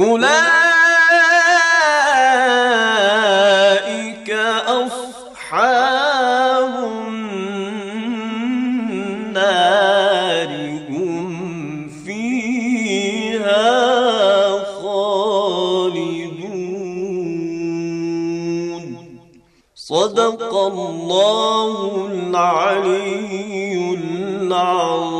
أولئك أصحاب النار هم فيها خالدون صدق الله العلي العظيم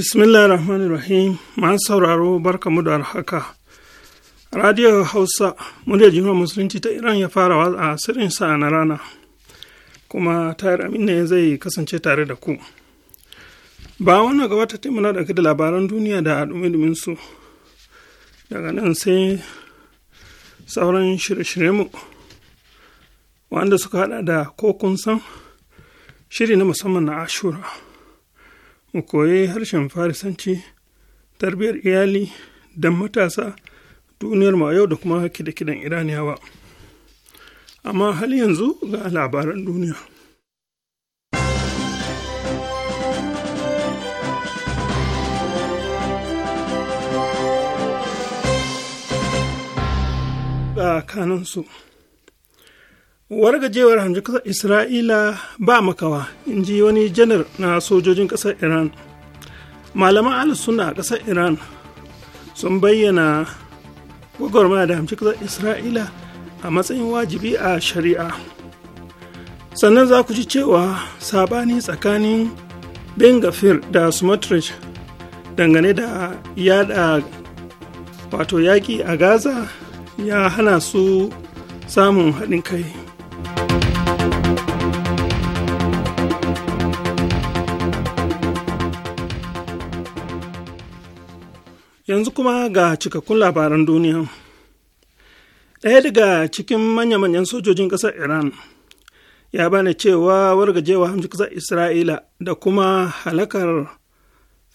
bismillah rahman rahim masu sauraro barkamu da haka radio hausa muryar jihar musulunci ta iran ya fara a sirin sa na rana kuma tayar amina zai kasance tare da ku ba wannan gaba ta taimuna da da labaran duniya da dumi su daga nan sai sauran shirye-shirye mu wanda suka hada da ko kun san shiri na musamman na ashura mu koyi harshen farisanci tarbiyyar iyali don matasa duniyar ma yau da kuma kide-kiden iraniyawa amma hali yanzu ga labaran duniya ga Uh, wargajewar hanji kasar isra'ila ba makawa in ji wani janar na sojojin kasar iran malaman suna a kasar iran sun bayyana gwagwarmaya da hamci kasar isra'ila a matsayin wajibi a shari'a sannan za ku ji cewa sabani tsakanin ben gafir da smotrich dangane da yada wato yaƙi a gaza ya hana su samun haɗin kai yanzu kuma ga cikakkun labaran duniya ɗaya daga cikin manya-manyan sojojin ƙasar iran ya bane cewa wargajewa hamshi ƙasar isra'ila da kuma halakar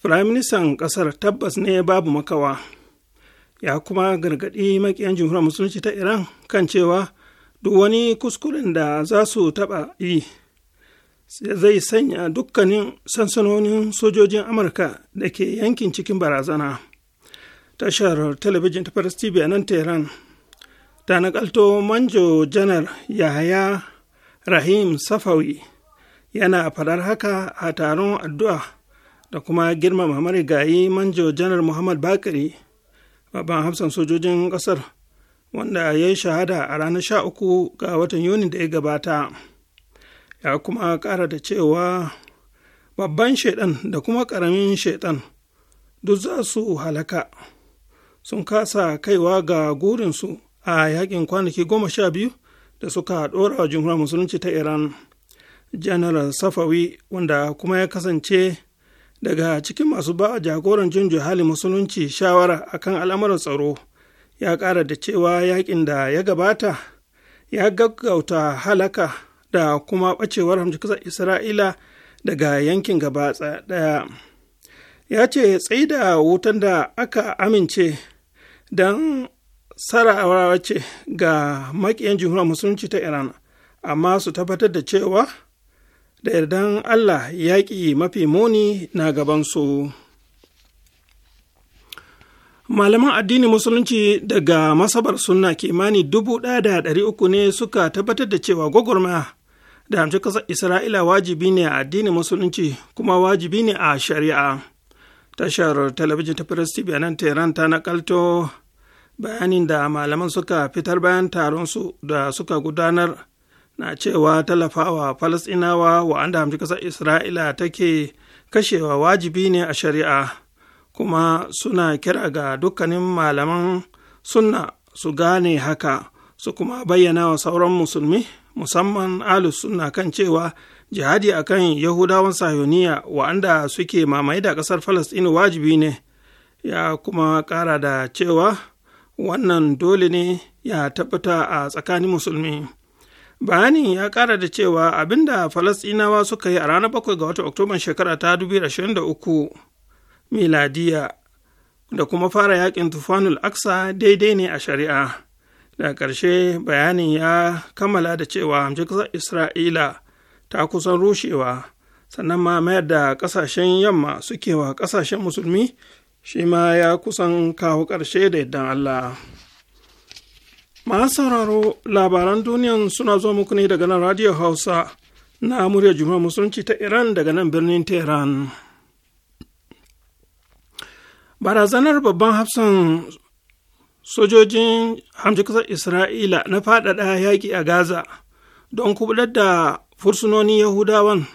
firaministan ƙasar tabbas ne babu makawa ya kuma gargaɗi makiyan jamhuriyar musulunci ta iran kan cewa duk wani kuskuren da za su taɓa yi zai sanya dukkanin sansanonin sojojin amurka da ke yankin cikin barazana tashar talabijin ta faris TV a nan Tehran ta nakalto manjo janar Yahaya Rahim Safawi yana faɗar haka a taron addu'a da kuma girmama marigayi manjo janar Muhammad Bakari babban hafsan sojojin ƙasar wanda ya yi shahada a ranar sha uku ga watan Yuni da ya gabata. Ya kuma ƙara da cewa babban shaidan da kuma ƙaramin shaidan duk za su halaka. sun kasa kaiwa ga gurinsu a yakin kwanaki goma sha biyu da suka ɗora wa jumhuriyar musulunci ta iran general safawi wanda kuma ya kasance daga cikin masu ba jagoran junjo hali musulunci shawara akan al'amuran tsaro ya ƙara da cewa yakin da ya gabata ya gaggauta halaka da kuma ɓacewar hamjikisar isra'ila daga yankin gaba ɗaya ya ce tsaida wutan da aka amince don sara'awa ce ga makiyan jihuriyar musulunci ta iran amma su tabbatar da cewa da yardan allah yaƙi mafi muni na gabansu malaman addini musulunci daga masabar sunna kimani dubu ɗaya da ɗari uku ne suka tabbatar da cewa gwagwarmaya da hamshin ƙasar isra'ila wajibi ne a addinin musulunci kuma wajibi ne a shari'a tashar talabijin ta press tv a nan tehran ta nakalto bayanin da malaman suka fitar bayan taron su da suka gudanar na cewa talafawa falasɗinawa wa'anda hamshi kasar isra'ila take kashewa wajibi ne a shari'a kuma suna kira ga dukkanin malaman sunna su gane haka su kuma bayyana wa sauran musulmi musamman alus sunna kan cewa jihadi a kan yahudawan sahiyoniya wa'anda suke mamaye da ƙasar Falastin wajibi ne ya kuma ƙara da cewa wannan dole ne ya tabbata a tsakanin musulmi bayanin ya ƙara da cewa abinda Falastinawa suka yi a ranar bakwai ga watan oktoban shekara ta 2023 miladiya da kuma fara yakin tufanul aksa daidai ne a shari'a da ƙarshe bayanin ya kammala da cewa hamshin ƙasar isra'ila ta kusan rushewa sannan ma mayar da ƙasashen yamma suke wa ƙasashen musulmi shi ma ya kusan kawo ƙarshe da yadda Allah. Masu sauraro labaran duniyan suna zo muku ne daga nan Radio Hausa na murya Juma'a Musulunci ta Iran daga nan birnin Tehran. Barazanar babban hafsan sojojin hamshi Isra'ila na faɗaɗa yaƙi a Gaza don kubular da fursunonin yahudawan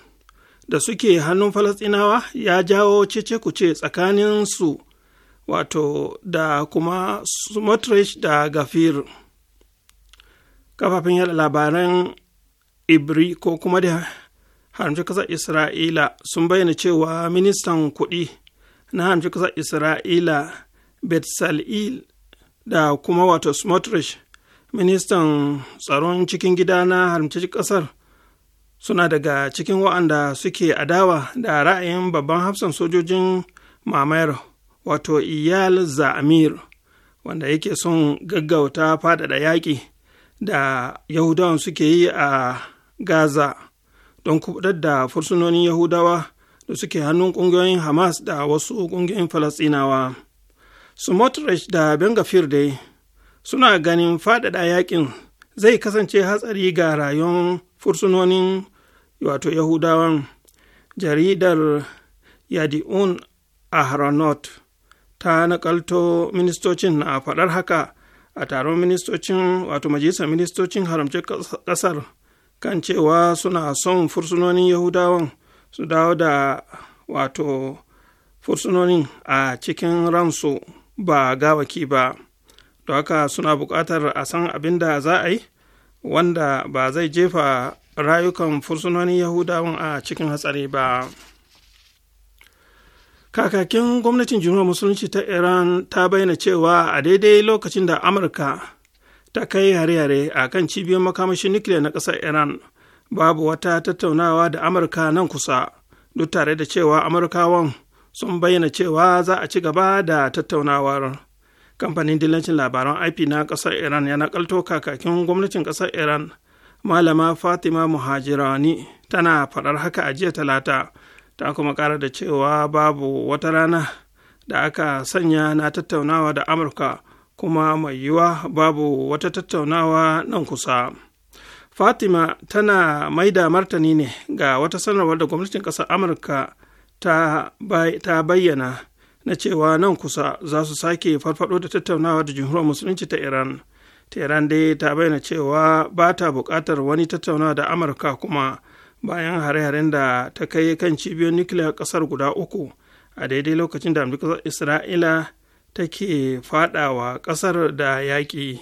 da suke hannun falasɗinawa ya jawo cece kuce tsakaninsu wato da kuma smotrich da gafir kafafen yada labaran ibri ko kuma da haramci kasar isra'ila sun bayyana cewa ministan kuɗi na haramci kasar isra'ila betsal'il da kuma wato smotrich ministan tsaron cikin gida na haramci kasar suna daga cikin wa'anda suke adawa da ra'ayin babban hafsan sojojin mamayar wato iyal za'amir wanda yake son gaggauta faɗaɗa yaƙi da yahudawan suke yi a gaza don kuɗar da fursunonin yahudawa da suke hannun ƙungiyoyin hamas da wasu ƙungiyoyin falasinawa smotrich da bengafir dai suna ganin faɗaɗa yaƙin zai kasance hatsari ga rayuwar fursunonin wato yahudawan jaridar yadi'un ahranot ta nakalto ministocin na faɗar haka a taron ministocin wato majalisar ministocin haramcin ƙasar kan cewa suna son fursunonin yahudawan su dawo da wato fursunonin a cikin ransu ba gawaki ba da haka suna buƙatar a san abin da za a yi wanda ba zai jefa rayukan fursunonin yahudawan a cikin hatsari ba kakakin gwamnatin jumhuriyar musulunci ta iran ta bayyana cewa a daidai lokacin da amurka ta kai hare-hare a kan cibiyar makamashin nukiliya na ƙasar iran babu wata tattaunawa da amurka nan kusa duk tare da cewa amurkawan sun bayyana cewa za a ci gaba da tattaunawar kamfanin dillancin labaran ip na ƙasar iran ya nakalto kakakin gwamnatin ƙasar iran malama fatima muhajirani tana faɗar haka a jiya talata ta kuma ƙara da cewa babu wata rana da aka sanya na tattaunawa da amurka kuma mai yiwuwa babu wata tattaunawa nan kusa fatima tana maida martani ne ga wata sanarwar da gwamnatin ƙasar amurka ta bayyana na cewa nan kusa za su sake farfado da tattaunawa da jamhuriyar musulunci ta iran tehran dai ta bayyana cewa ba ta buƙatar wani tattaunawa da amurka kuma bayan hare-haren da ta kai kan cibiyoyin nukiliya ƙasar guda uku a daidai lokacin da amurka isra'ila take fadawa ƙasar da yaƙi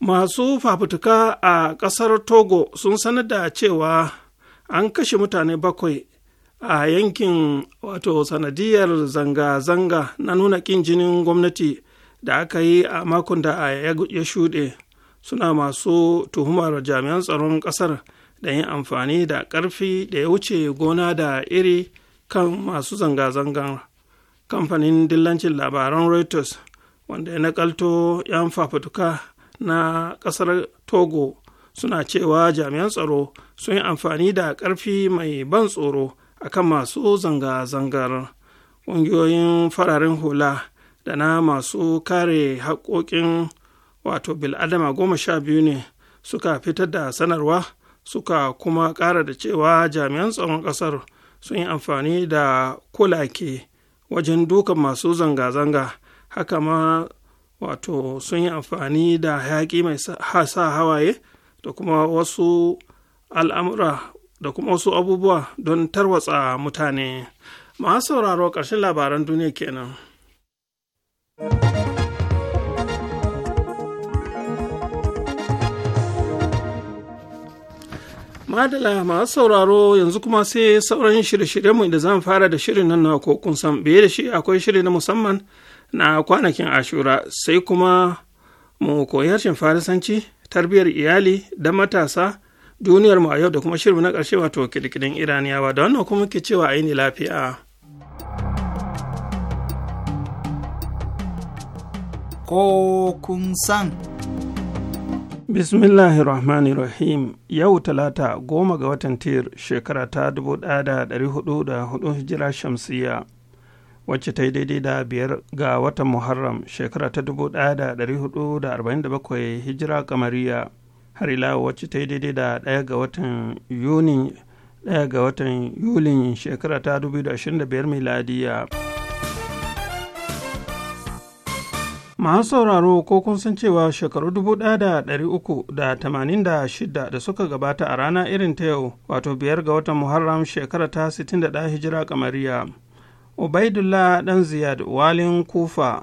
masu fafutuka a ƙasar togo sun sanar da cewa an kashe mutane bakwai a yankin wato sanadiyar zanga-zanga na nuna ƙin jinin gwamnati da aka yi a makon da ya shuɗe suna masu tuhumar jami'an tsaron ƙasar da yin amfani da ƙarfi da ya wuce gona da iri kan masu zanga zanga kamfanin dillancin labaran reuters wanda ya nakalto 'yan fafutuka na ƙasar togo suna cewa jami'an tsaro sun yi amfani da ƙarfi mai ban tsoro a kan masu zanga-zangar ƙungiyoyin fararen hula da na masu kare haƙoƙin wato bil'adama goma sha biyu ne suka fitar da sanarwa suka kuma ƙara da cewa jami'an tsaron ƙasar sun yi amfani da kulake wajen dukan masu zanga-zanga haka ma wato sun yi amfani da yaƙi mai sa hawaye da kuma wasu al'amura da kuma wasu abubuwa don tarwatsa mutane masu sauraro ƙarshen labaran duniya kenan. madala masu sauraro yanzu kuma sai sauran shirye-shiryenmu inda zan fara da shirin nan na ko kun san biye da shi akwai shiri na musamman na kwanakin ashura sai kuma mu koyi harshen farisanci tarbiyyar iyali da matasa duniyar mu a yau da kuma shirin na ƙarshe wato kidikidin iraniyawa da wannan kuma muke cewa aini lafiya ko kun san bismillahirrahmanirrahim yau talata goma ga watan tir shekara ta dubu da da hudu hudu hijira shamsiyya wacce ta yi daidai da biyar ga watan muharram shekara ta dubu da da da hudu arba'in bakwai hijira kamariya har ila wacce ta yi daidai da ɗaya ga watan yuni ɗaya ga watan yulin shekara ta 2025 miladiya masu sauraro ko kun san cewa shekaru 1386 da suka gabata a rana irin ta yau wato biyar ga watan muharram shekara ta 61 hijira kamariya ubaidullah dan ziyad walin kufa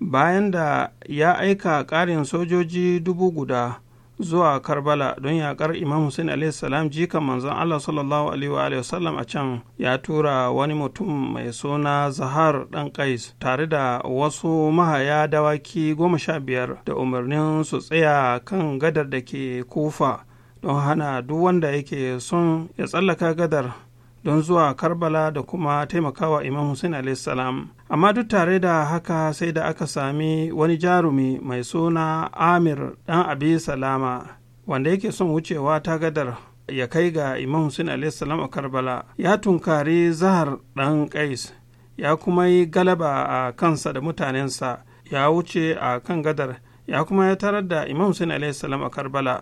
bayan da ya aika ƙarin sojoji dubu guda zuwa karbala don Yaƙar imam hussein Salam jikan manzon allah sallallahu alaihi wasallam a can ya tura wani mutum mai suna zahar dan kais tare da wasu mahaya dawaki goma sha biyar da umarnin su tsaya kan gadar da ke kufa don hana duk wanda yake son ya tsallaka gadar don zuwa karbala da kuma taimakawa imam hussein Salam. amma duk tare da haka sai da aka sami wani jarumi mai suna amir dan abi salama wanda yake son wucewa ta gadar ya kai ga imam Hussein salam a karbala ya tunkari zahar dan kais ya kuma yi galaba a kansa da mutanensa ya wuce a kan gadar ya kuma ya tarar da imam Hussein salam a karbala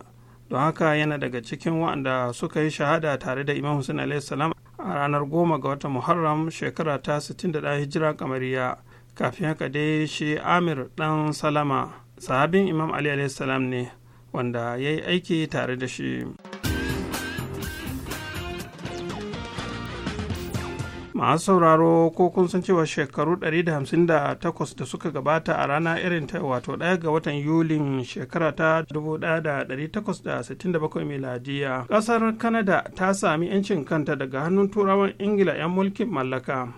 don haka yana daga cikin waɗanda suka yi shahada tare da imam Hussein salam a ranar goma ga wata muharram shekara ta 61 hijira kamariya kafin haka dai shi amir dan salama sahabin imam ali salam ne wanda ya yi aiki tare da shi. masu sauraro ko kun san cewa shekaru 158 da suka gabata a rana irin ta wato ɗaya ga watan yulin shekara ta 1867 miladiya ƙasar Kanada ta sami 'yancin kanta daga hannun turawan ingila 'yan mulkin mallaka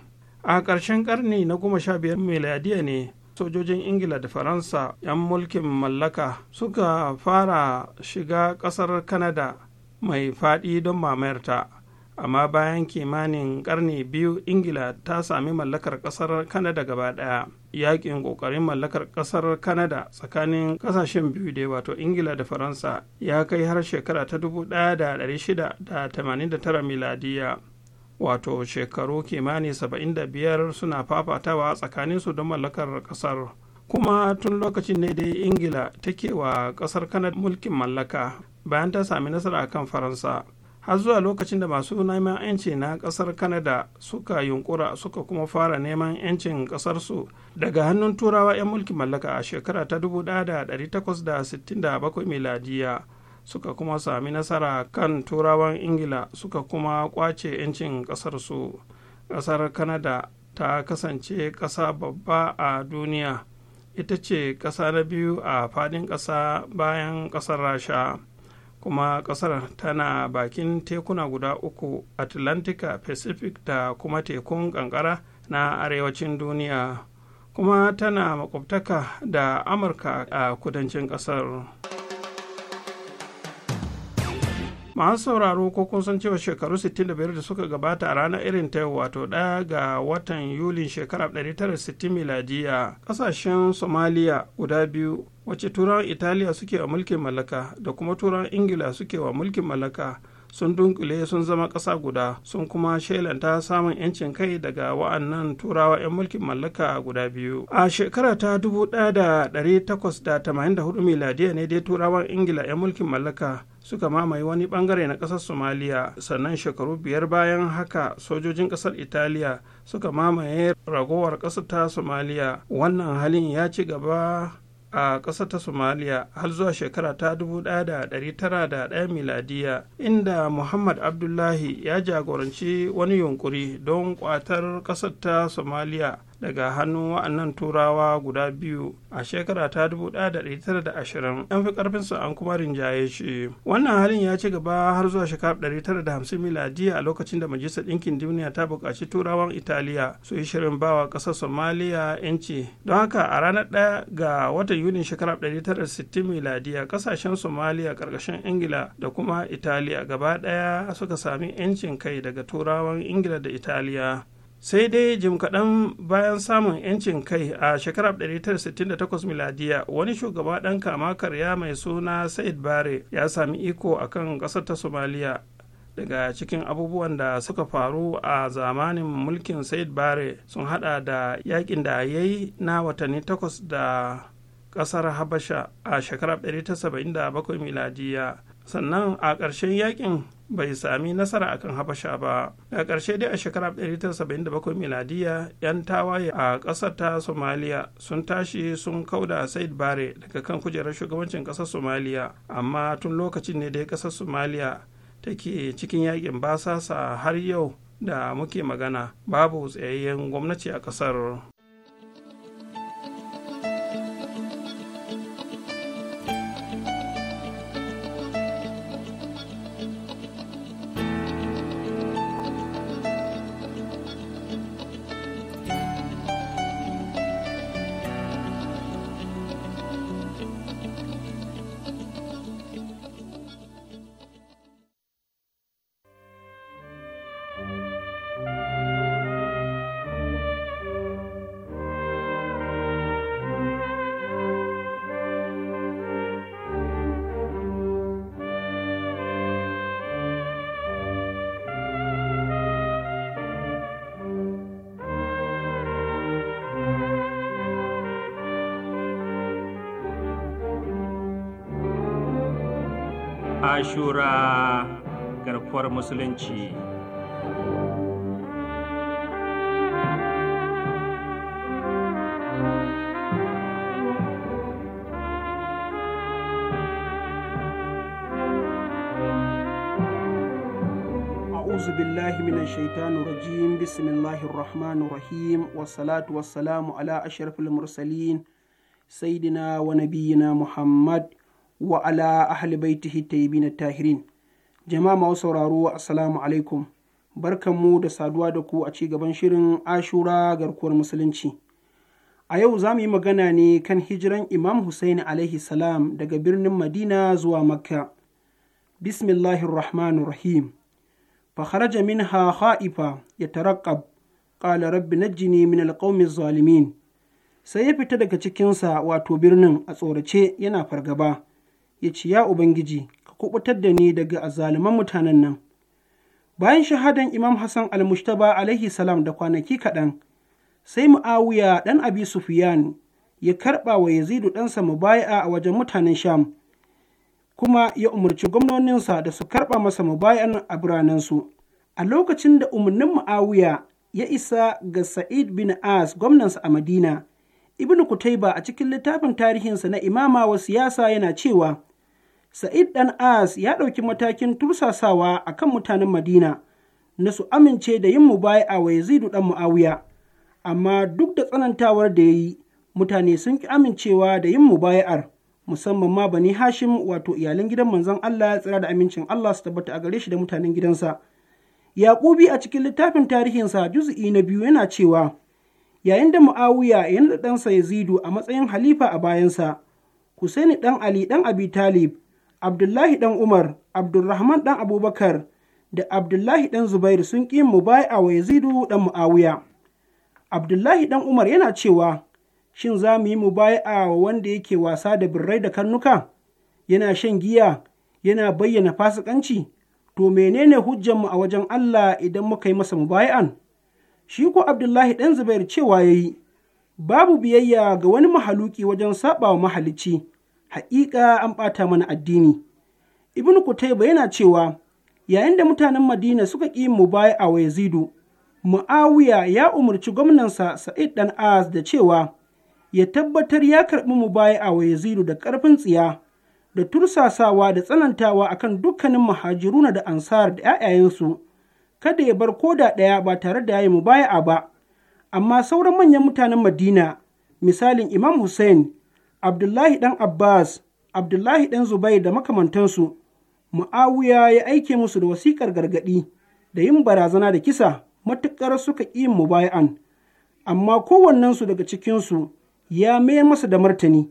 a ƙarshen ƙarni na 15 miladiya ne sojojin ingila da faransa 'yan mulkin mallaka suka fara shiga ƙasar Kanada mai faɗi don mamayarta amma bayan kimanin ƙarni biyu ingila ta sami mallakar ƙasar kanada gaba daya yaƙin ƙoƙarin mallakar ƙasar kanada tsakanin ƙasashen biyu da wato ingila da faransa ya kai har shekara ta 1689 miladiya wato shekaru kimani 75 suna fafatawa tsakanin su don mallakar ƙasar kuma tun lokacin ne dai ingila take wa ƙasar kanada mulkin mallaka bayan ta sami nasara kan faransa har zuwa lokacin da masu neman 'yanci na kasar Kanada suka yunkura suka kuma fara neman 'yancin kasarsu daga hannun turawa 'yan mulkin mallaka a shekara ta 1867 miladiya suka kuma sami nasara kan turawan ingila suka kuma kwace 'yancin kasarsu kasar Kanada ta kasance kasa babba a duniya ita ce kasa na biyu a fadin kasa bayan kasar rasha kuma ƙasar tana bakin tekuna guda uku atlantika pacific da kuma tekun kankara na arewacin duniya kuma tana makwabtaka da amurka a kudancin ƙasar masu sauraro ko kun san cewa shekaru 65 da suka gabata a ranar irin ta wato ɗaya ga watan yulin shekarar 1960 miladiya ƙasashen somaliya guda biyu wacce turawan italiya suke wa mulkin mallaka da kuma turawan ingila suke wa mulkin mallaka sun dunkule sun zama ƙasa guda sun kuma shelanta samun 'yancin kai daga wa'annan turawa 'yan mulkin mallaka guda biyu a shekara ta 1884 miladiya ne dai turawan ingila 'yan mulkin mallaka suka mamaye wani bangare na ƙasar somaliya sannan shekaru biyar bayan haka sojojin ƙasar italiya suka mamaye ragowar ƙasar ta somaliya wannan halin ya ci gaba a ƙasar ta somaliya har zuwa shekara ta 1901 miladiya inda muhammad abdullahi ya jagoranci wani yunkuri don ƙwatar ƙasar ta somaliya daga hannun wa'annan turawa guda biyu a shekara ta 1920 'yan fi karfinsu an kuma rinjaye shi wannan halin ya ci gaba har zuwa shekara 1950 miladiya a lokacin da majalisar ɗinkin duniya ta buƙaci turawan italiya su yi shirin bawa ƙasar somaliya yanci don haka a ranar ɗaya ga watan yuni shekara 1960 miladiya ƙasashen somaliya ƙarƙashin ingila da kuma italiya gaba ɗaya suka sami yancin kai daga turawan ingila da italiya sai dai jim kaɗan bayan samun 'yancin kai a shekarar 1968 miladiya wani shugaba ɗan kama karya mai suna said bare ya sami iko a kan ƙasar ta somaliya daga cikin abubuwan da suka faru a zamanin mulkin said bare sun hada da yakin da ya yi na watanni takwas da ƙasar habasha a shekarar 1977 miladiya sannan a ƙarshen yakin bai sami nasara akan habasha ba A ƙarshe dai a shekara 1977 miladiya 'yan tawaye a ƙasar ta somaliya sun tashi sun kauda said bare daga kan kujerar shugabancin ƙasar somaliya amma tun lokacin ne dai ƙasar somaliya take cikin yakin basasa har yau da muke magana babu tsayayyen gwamnati a ƙasar ashura garkuwar musulunci أعوذ بالله من الشيطان الرجيم بسم الله الرحمن الرحيم والصلاة والسلام على أشرف المرسلين سيدنا ونبينا محمد wa ala ahli baitihi tayyibin tahirin jama'a masu sauraro assalamu alaikum barkanmu da saduwa da ku a ci gaban shirin ashura garkuwar musulunci a yau za mu yi magana ne kan hijiran imam Hussein alaihi salam daga birnin madina zuwa makka bismillahir rahmanir rahim kharaja minha kha'ifa يترقب qala rabbi najini min alqawmi zalumin? sai ya fita daga cikinsa wato birnin a tsorace yana fargaba ya ce, Ya Ubangiji, ka kubutar da ni daga azzaluman mutanen nan. Bayan shahadan Imam Hassan al-Mushtaba alaihi salam da kwanaki kaɗan, sai Mu'awiya ɗan Abi sufiyan ya karɓa wa Yazidu ɗansa mubaya a wajen mutanen Sham, kuma ya umarci gwamnoninsa da su karɓa masa mubayan a biranensu. A lokacin da umarnin Mu'awiya ya isa ga Sa'id bin As gwamnansa a Madina, Ibn Kutaiba a cikin littafin tarihinsa na imama wa siyasa yana cewa, Sa'id ɗan As ya ɗauki matakin tursasawa a kan mutanen Madina na su amince da yin a wa Yazidu ɗan Mu'awiya, amma duk da tsanantawar da ya yi, mutane sun ƙi amincewa da yin mubaya'ar, musamman ma Bani Hashim wato iyalin gidan manzon Allah tsira da amincin Allah su tabbata a gare shi da mutanen gidansa. Yaƙubi a cikin littafin tarihinsa juz'i na biyu yana cewa, yayin da mu'awiya ya naɗa ɗansa yazidu a matsayin halifa a bayansa husaini ɗan ali ɗan abi talib abdullahi ɗan umar abdulrahman ɗan abubakar da abdullahi ɗan zubair sun ƙi a wa yazidu ɗan mu'awiya abdullahi ɗan umar yana cewa shin za mu yi mu wa wanda yake wasa da birrai da karnuka yana shan giya yana bayyana fasikanci to menene hujjanmu a wajen allah idan muka yi masa mubai'an shi ko Abdullahi ɗan Zubair cewa ya yi, babu biyayya ga wani mahaluki wajen saɓa wa mahalicci, haƙiƙa an ɓata mana addini. Ibn Kutaiba yana cewa, yayin da mutanen Madina suka ƙi mu mubaya a Yazidu, Mu'awiya ya umarci gwamnansa Sa'id ɗan As da cewa, ya tabbatar ya karɓi mu baya a Yazidu da ƙarfin tsiya, da tursasawa da tsanantawa akan dukkanin mahajiruna da ansar da ‘ya'yayensu. kada ya bar koda ɗaya ba tare da yayi mubaya'a ba amma sauran manyan mutanen madina misalin imam hussein abdullahi ɗan abbas abdullahi dan zubair da makamantansu mu'awiya ya aike musu da wasikar gargaɗi da yin barazana da kisa matuƙar suka ƙi mubaya'an amma kowannensu daga cikinsu ya mayar masa da martani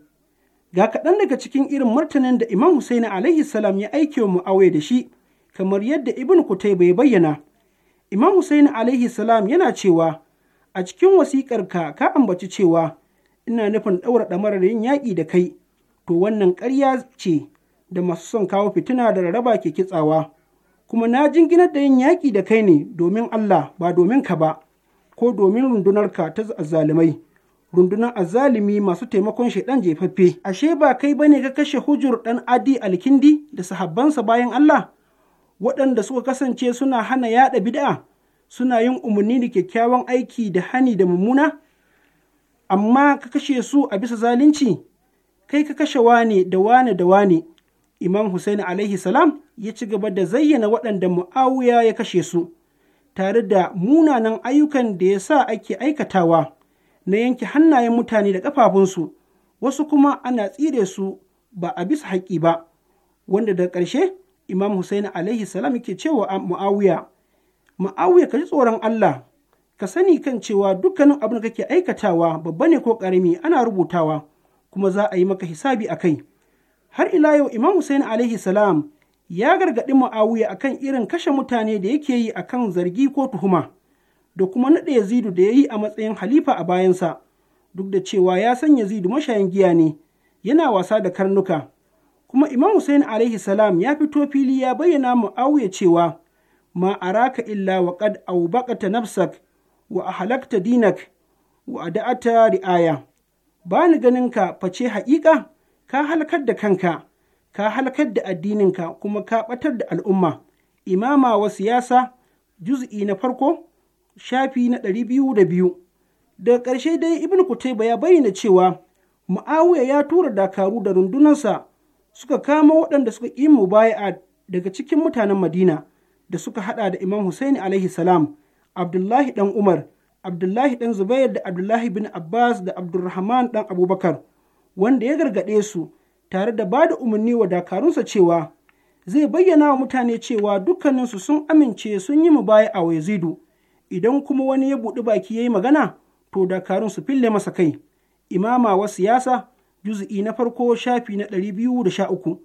ga kaɗan daga cikin irin martanin da imam Hussein alaihi salam ya aike wa mu'awiya da shi kamar yadda ibn kutai bai bayyana Imam Hussein alaihi salam yana cewa a cikin wasiƙarka ka ambaci cewa ina nufin ɗaura ɗamarar yin yaƙi da kai to wannan ƙarya ce da masu son kawo fitina da rarraba ke kitsawa kuma na jinginar da yin yaƙi da kai ne domin Allah ba domin ka ba ko domin rundunarka ta azzalumai rundunar azzalumi masu taimakon shaidan jefaffe ashe ba kai bane ka kashe hujur dan adi alkindi da sahabbansa bayan Allah waɗanda suka kasance suna hana yaɗa bid'a suna yin umarni da kyakkyawan aiki da hani da mummuna amma ka kashe su a bisa zalunci kai ka kashe wane da wane da wane imam Hussein alaihi salam ya ci gaba da zayyana waɗanda mu'awiya ya kashe su tare da munanan ayyukan da ya sa ake aikatawa na yanke hannayen mutane da ƙafafunsu wasu kuma ana tsire su ba a bisa haƙƙi ba wanda da ƙarshe imam Hussein alaihi salam yake cewa mu'awiya mu'awiya ka ji tsoron Allah ka sani kan cewa dukkanin abin da kake aikatawa babba ne ko ƙarami ana rubutawa kuma za a yi maka hisabi a kai har ila yau imam Hussein alaihi salam ya gargaɗi mu'awiya akan irin kashe mutane da yake yi akan zargi ko tuhuma da kuma naɗa yazidu da ya yi a matsayin halifa a bayansa duk da cewa ya san yazidu mashayin giya ne yana wasa da karnuka kuma imam Hussein alaihi salam ya fito fili ya bayyana mu'awiya cewa ma araka illa wa qad awbaqata nafsak wa ahlakta dinak wa ada'ata ri'aya ba ni ganin ka face haƙiƙa ka halakar da kanka ka halakar da addininka kuma ka ɓatar da al'umma imama wa siyasa juz'i na farko shafi na ɗari biyu da biyu daga ƙarshe dai ibn kutaiba ya bayyana cewa mu'awiya ya tura dakaru da rundunarsa suka kama waɗanda suka ƙi mubaya'a daga cikin mutanen Madina da suka haɗa da Imam Husaini alaihi salam, Abdullahi ɗan Umar, Abdullahi ɗan Zubair da Abdullahi bin Abbas da Abdulrahman ɗan Abubakar, wanda ya gargaɗe su tare da ba da umarni wa dakarunsa cewa zai bayyana wa mutane cewa dukkaninsu sun amince sun yi mubaya'a a Yazidu, idan kuma wani ya buɗi baki ya yi magana, to dakarun su fille masa kai. Imama wa siyasa juzu'i na farko shafi na ɗari biyu da sha uku.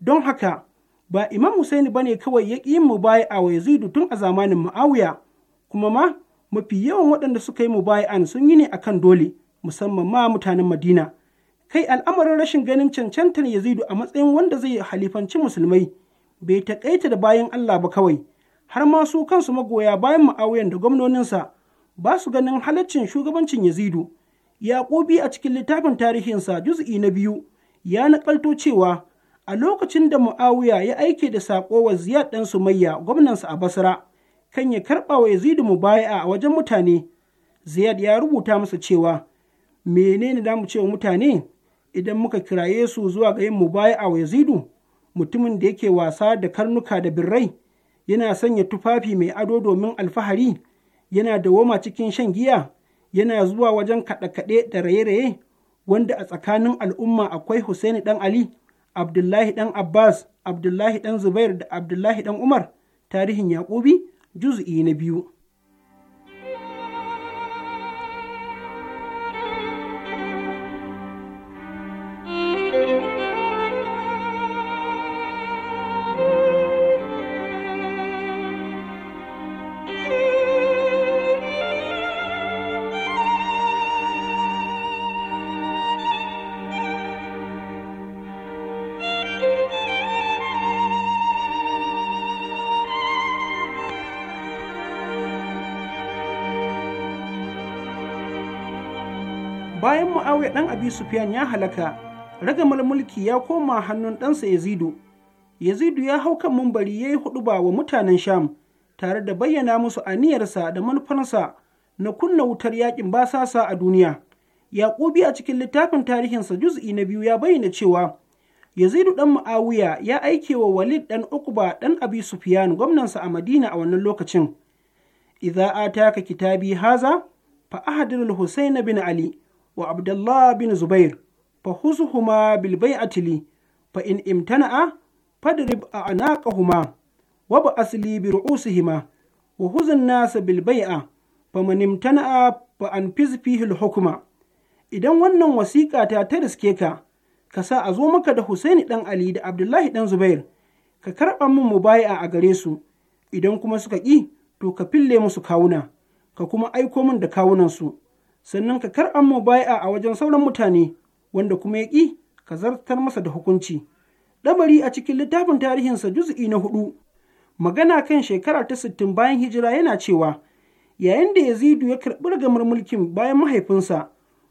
don haka ba imam Husaini ba ne kawai ya yin mubaya'a wa Yazidu tun a zamanin Muawiya kuma ma mafi yawan waɗanda suka yi mu mubaya'an sun yi ne akan dole musamman ma mutanen Madina kai al'amarin rashin ganin cancantar Yazidu a matsayin wanda zai halifanci musulmai bai taƙaita da bayan Allah ba kawai har ma su kansu magoya bayan Muawiyan da gwamnoninsa ba su ganin halaccin shugabancin Yazidu Yaƙubi a cikin littafin tarihinsa juz'i na biyu ya naƙalto cewa a lokacin da Mu'awiya ya aike da saƙo wa Ziyad ɗan Sumayya gwamnansa a Basra kan ya karɓa wa Yazidu mubaya'a a wajen mutane Ziyad ya rubuta masa cewa menene da mu ce mutane idan muka kiraye su zuwa ga yin mubaya'a wa Yazidu mutumin da yake wasa da karnuka da birrai yana sanya tufafi mai ado domin alfahari yana dawoma cikin shan giya yana zuwa wajen kaɗe-kaɗe da raye-raye wanda a tsakanin al'umma akwai Husaini ɗan Ali, Abdullahi ɗan Abbas, Abdullahi ɗan Zubair da Abdullahi ɗan Umar, tarihin Yaƙubi, juz'i na biyu. ɗan abi sufyan ya halaka ragamar mulki ya koma hannun ɗansa yazidu yazidu ya hau kan mumbari ya yi ba wa mutanen sham tare da bayyana musu aniyarsa da manufarsa na kunna wutar yakin basasa a duniya yaƙubi a cikin littafin tarihinsa juz'i na biyu ya bayyana cewa yazidu ɗan ma'awiya ya aike wa walid ɗan ukuba ɗan abi sufyan gwamnansa a madina a wannan lokacin idza ataka kitabi haza fa ahadul husayn bin ali wa Abdullah bin Zubair fa husuhuma bil a fa in imtana'a fadrib a'naqahuma wa ba asli bi ru'usihima wa huzun nasa bil bai'a fa man imtana'a fa an fihi al hukma idan wannan wasiƙa ta ta riske ka ka sa a zo maka da Husaini dan Ali da Abdullahi dan Zubair ka karɓa min mubaya a gare su idan kuma suka ƙi to ka fille musu kawuna ka kuma aiko min da kawunansu sannan ka kar an a wajen sauran mutane wanda kuma ya ƙi ka zartar masa da hukunci ɗabari a cikin littafin tarihinsa juzu'i na hudu magana kan shekara ta sittin bayan hijira yana cewa yayin da yazidu ya karɓi ragamar mulkin bayan mahaifinsa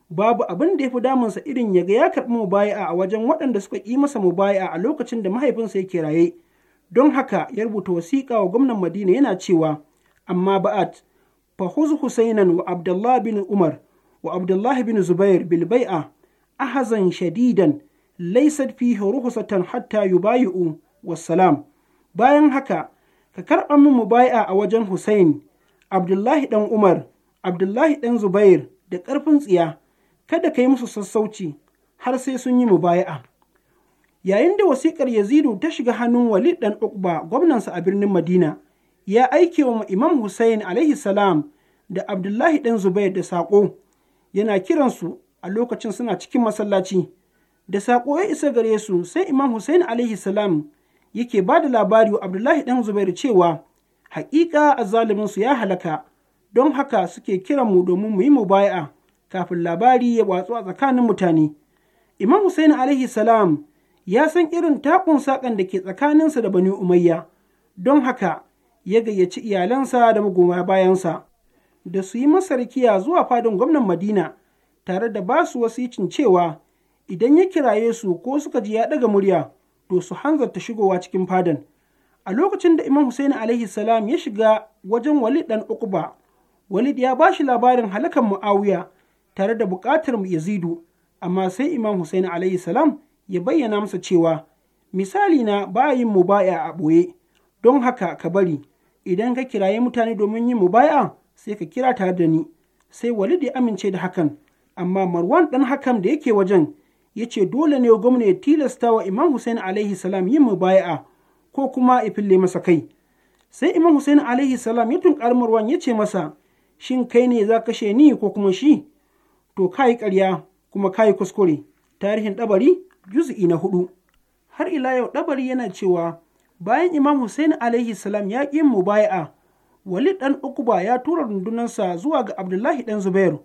babu abin da ya fi damunsa irin ya ga ya karɓi mubaya'a a wajen waɗanda suka ƙi masa mubaya'a a lokacin da mahaifinsa yake raye don haka ya rubuta wasiƙa wa gwamnan madina yana cewa amma ba'at فخذ حسينا وعبد الله بن عمر وعبد الله بن زبير بالبيعة أحزا شديدا ليست فيه رخصة حتى يبايعوا والسلام bayan haka ka karɓa min mubaya a wajen Hussein, Abdullahi ɗan Umar, Abdullahi ɗan Zubair da ƙarfin tsiya, kada ka yi musu sassauci har sai sun yi mubaya'a. Yayin da wasiƙar Yazidu ta shiga hannun Walid ɗan Ukba gwamnansa a birnin Madina, ya aike wa Imam Hussein alaihi salam da Abdullahi ɗan Zubair da saƙo, yana kiransu a lokacin suna cikin masallaci. Da saƙo ya isa gare su sai Imam Hussein alaihi salam yake ba da labari wa Abdullahi ɗan Zubair cewa, haƙiƙa zaliminsu ya halaka, don haka suke kiran mu domin mu yi mu baya kafin labari ya watsu a tsakanin mutane. Imam Hussein alaihi salam ya san irin takun saƙan da ke tsakaninsa da Bani Umayya, don haka ya gayyaci iyalansa da magoma bayansa da su yi masa zuwa fadin gwamnan Madina tare da ba su yi cewa idan ya kiraye su ko suka ji ya ɗaga murya to su hanzarta shigowa cikin fadan. A lokacin da Imam Hussein alaihi salam ya shiga wajen Walid dan Uqba, Walid ya ba shi labarin halakan Muawiya tare da buƙatar Yazidu, amma sai Imam Hussein alaihi salam ya bayyana masa cewa misali na ba yin mu baya a ɓoye, don haka ka bari idan ka kiraye mutane domin yin mubaya sai ka kira tare da ni sai walid ya amince da hakan amma marwan ɗan hakan da yake wajen ya ce dole ne gwamna ya tilasta wa imam hussein alaihi salam yin mubaya'a ko kuma ya fille masa kai sai imam hussein alaihi salam ya tunkar marwan ya ce masa shin kai ne za kashe ni ko kuma shi to kayi karya kuma kayi kuskure tarihin ɗabari juz'i na hudu har ila yau ɗabari yana cewa bayan imam hussein alaihi salam ya ƙi mu mubaya'a walid ɗan ukuba ya tura rundunarsa zuwa ga abdullahi ɗan zubairu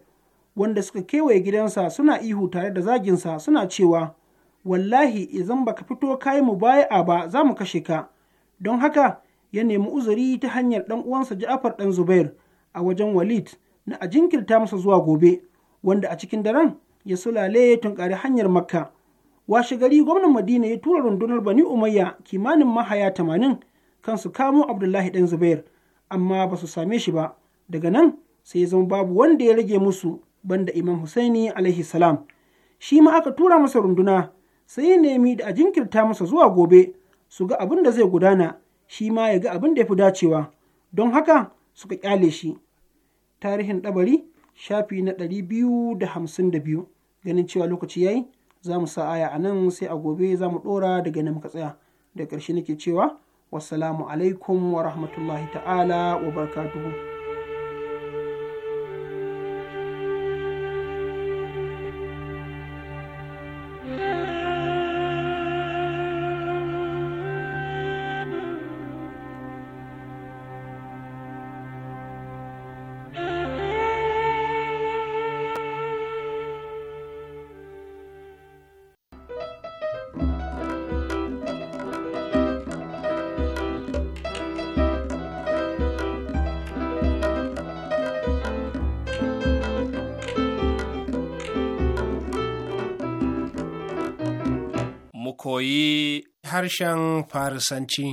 wanda suka kewaye gidansa suna ihu tare da zaginsa suna cewa wallahi idan baka fito kayi mubaya'a ba za mu kashe ka don haka ya nemi uzuri ta hanyar ɗan uwansa ja'afar ɗan zubair a wajen walid na a jinkirta masa zuwa gobe wanda a cikin daren ya sulale ya tunkari hanyar makka washe gari gwamnan madina ya tura rundunar bani umayya kimanin mahaya tamanin kan su kamo abdullahi ɗan zubair amma ba su same shi ba daga nan sai ya zama babu wanda ya rage musu banda imam husaini alaihi salam shi ma aka tura masa runduna sai ya nemi da a jinkirta masa zuwa gobe su ga abin da zai gudana shi ma ya ga abin da ya fi dacewa don haka suka kyale shi tarihin ɗabari shafi na ɗari biyu da da hamsin biyu. ganin cewa lokaci yayi za mu sa aya a nan sai a gobe za mu ɗora daga nan muka tsaya da ƙarshe nake cewa wasalamu alaikum wa rahmatullahi ta'ala wa barakatuhu koyi harshen Farisanci.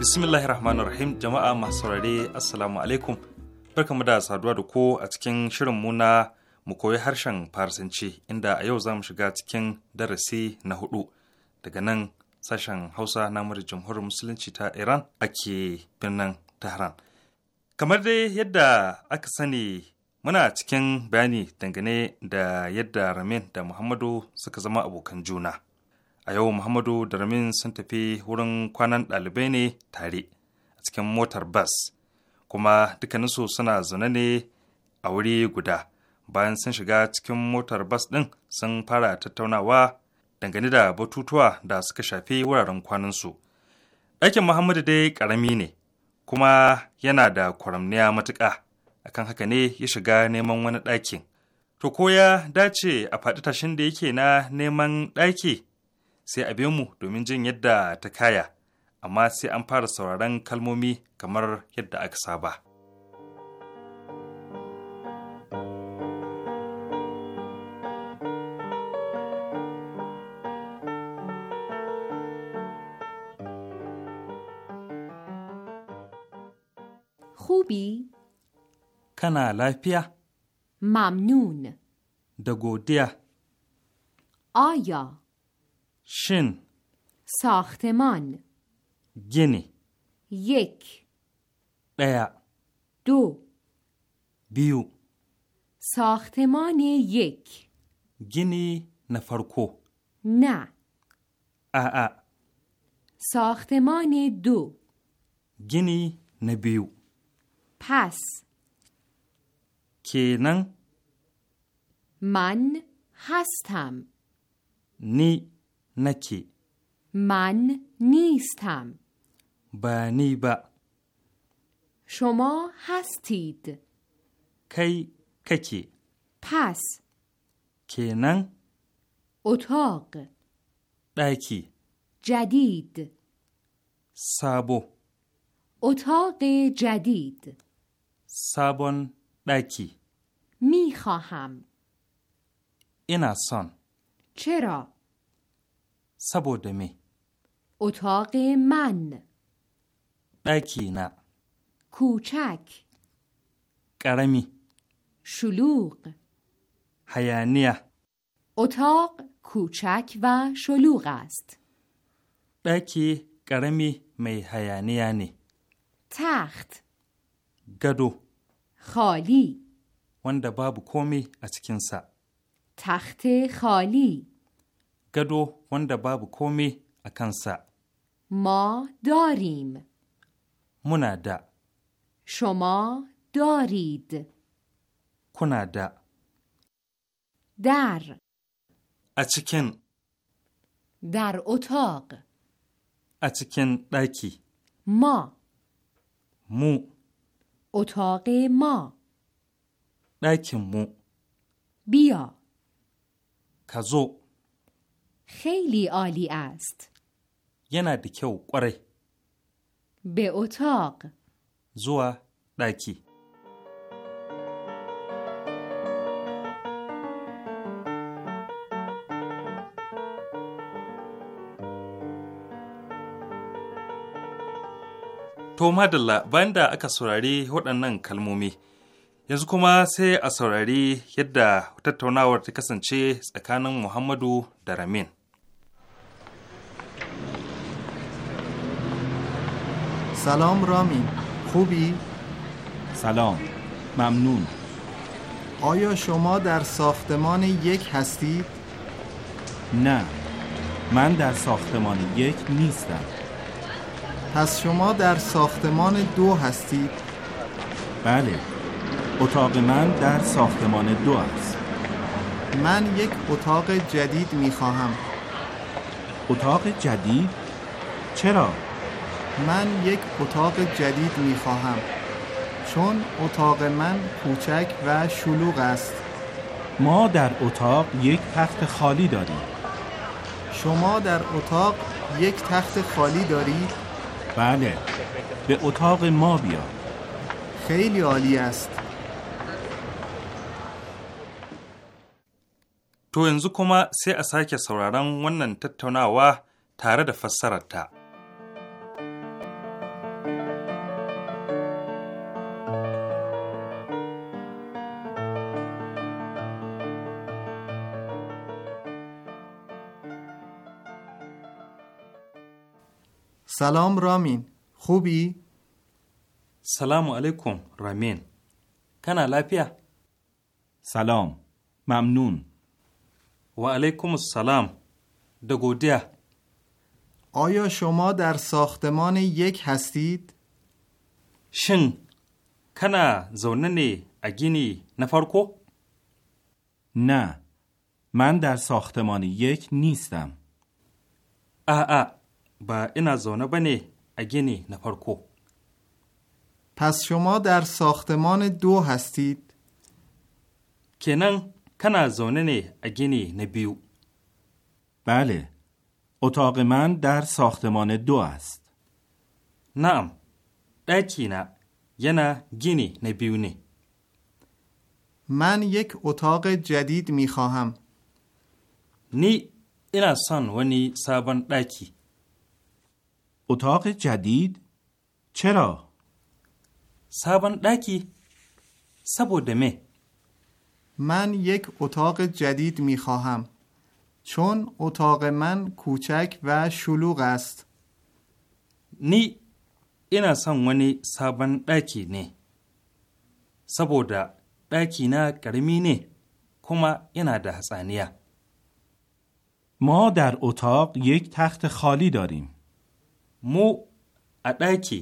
Bismillahirrahmanirrahim jama'a masu saurare Assalamu alaikum. Barkamu da saduwa da ko a cikin shirin muna mu koyi harshen Farisanci inda a yau za mu shiga cikin darasi na hudu daga nan sashen Hausa na jamhuriyar Musulunci ta Iran ake birnin Tehran. Kamar dai yadda aka sani muna cikin bayani dangane da yadda Ramin da Muhammadu suka zama abokan juna. A yau Muhammadu da Ramin sun tafi wurin kwanan ɗalibai ne tare a cikin motar bas, kuma dukkaninsu suna zaune ne a wuri guda. Bayan sun shiga cikin motar bas ɗin sun fara tattaunawa dangane da batutuwa da suka shafi wuraren kwanansu. Ɗakin Muhammadu dai ƙarami ne. kuma yana da kwaramniya matuƙa akan haka ne ya shiga neman wani ɗakin to ko ya dace a faɗi tashin da yake na neman ɗaki sai a mu domin jin yadda ta kaya amma sai an fara sauraron kalmomi kamar yadda aka saba. خوبی؟ کنا لایپیا ممنون دگودیا آیا شن ساختمان گینی یک بیا دو بیو ساختمان یک گینی نفرکو نه ا ساختمان دو گینی نبیو پس کینن من هستم نی نکی من نیستم بانی با شما هستید کی ککی پس کینن اتاق داکی جدید سابو اتاق جدید سابون دکی می خواهم این آسان چرا؟ سبودمی اتاق من دکی نه کوچک قرمی شلوغ حیانیه اتاق کوچک و شلوغ است دکی قرمی می حیانیه تخت گدو خالی وند باب کومی اتکنسا تخت خالی گدو وند باب کومی اکنسا ما داریم منادا شما دارید کنادا در اتکن در اتاق اتکن داکی ما مو اتاق ما داکین مو بیا کزو خیلی عالی است ینا و قره به اتاق زوا داکی To madalla bayan da aka saurari waɗannan kalmomi, yanzu kuma sai a saurari yadda tattaunawar ta kasance tsakanin Muhammadu da Ramin. Salam Rami, خوبی؟ سلام ممنون آیا شما در ساختمان یک هستید؟ نه من در ساختمان یک نیستم پس شما در ساختمان دو هستید؟ بله اتاق من در ساختمان دو است من یک اتاق جدید می خواهم اتاق جدید؟ چرا؟ من یک اتاق جدید می خواهم چون اتاق من کوچک و شلوغ است ما در اتاق یک تخت خالی داریم شما در اتاق یک تخت خالی دارید؟ بله به اتاق ما بیا خیلی عالی است To yanzu kuma sai a sake sauraron wannan tattaunawa tare da fassararta. سلام رامین خوبی؟ سلام علیکم رامین کنا لپیا؟ سلام ممنون و علیکم السلام دگودیا آیا شما در ساختمان یک هستید؟ شن کنا زوننی اگینی نفرکو؟ نه من در ساختمان یک نیستم. آه آ با این زونه بنه اگینی نپرکو پس شما در ساختمان دو هستید؟ کنن کنا زونه نه اگینی نبیو بله اتاق من در ساختمان دو است نعم دکی نه نه گینی نبیونی من یک اتاق جدید می نی اینا سان ونی سابن دکی اتاق جدید؟ چرا؟ سابان داکی سبودمه من یک اتاق جدید می خواهم چون اتاق من کوچک و شلوغ است نی اینا سان ونی سابان داکی نه دا داکی نا کرمی نه کما اینا حسانیه ما در اتاق یک تخت خالی داریم مو ا داکی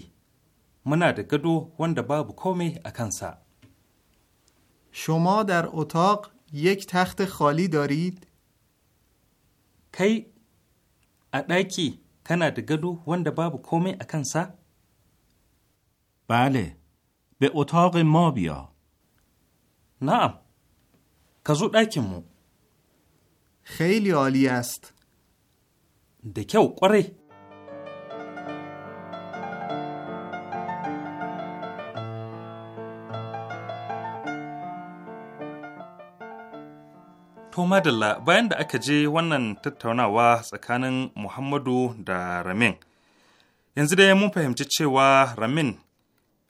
منا د گدو وند بابو کومی ا کنسا شما در اتاق یک تخت خالی دارید کی ا داکی کنا د گدو وند بابو کومی ا کنسا بله به اتاق ما بیا نعم ka zo مو خیلی Ali است. Da kyau ƙwarai. To madalla bayan da aka je wannan tattaunawa tsakanin Muhammadu da Ramin. Yanzu dai mun fahimci cewa Ramin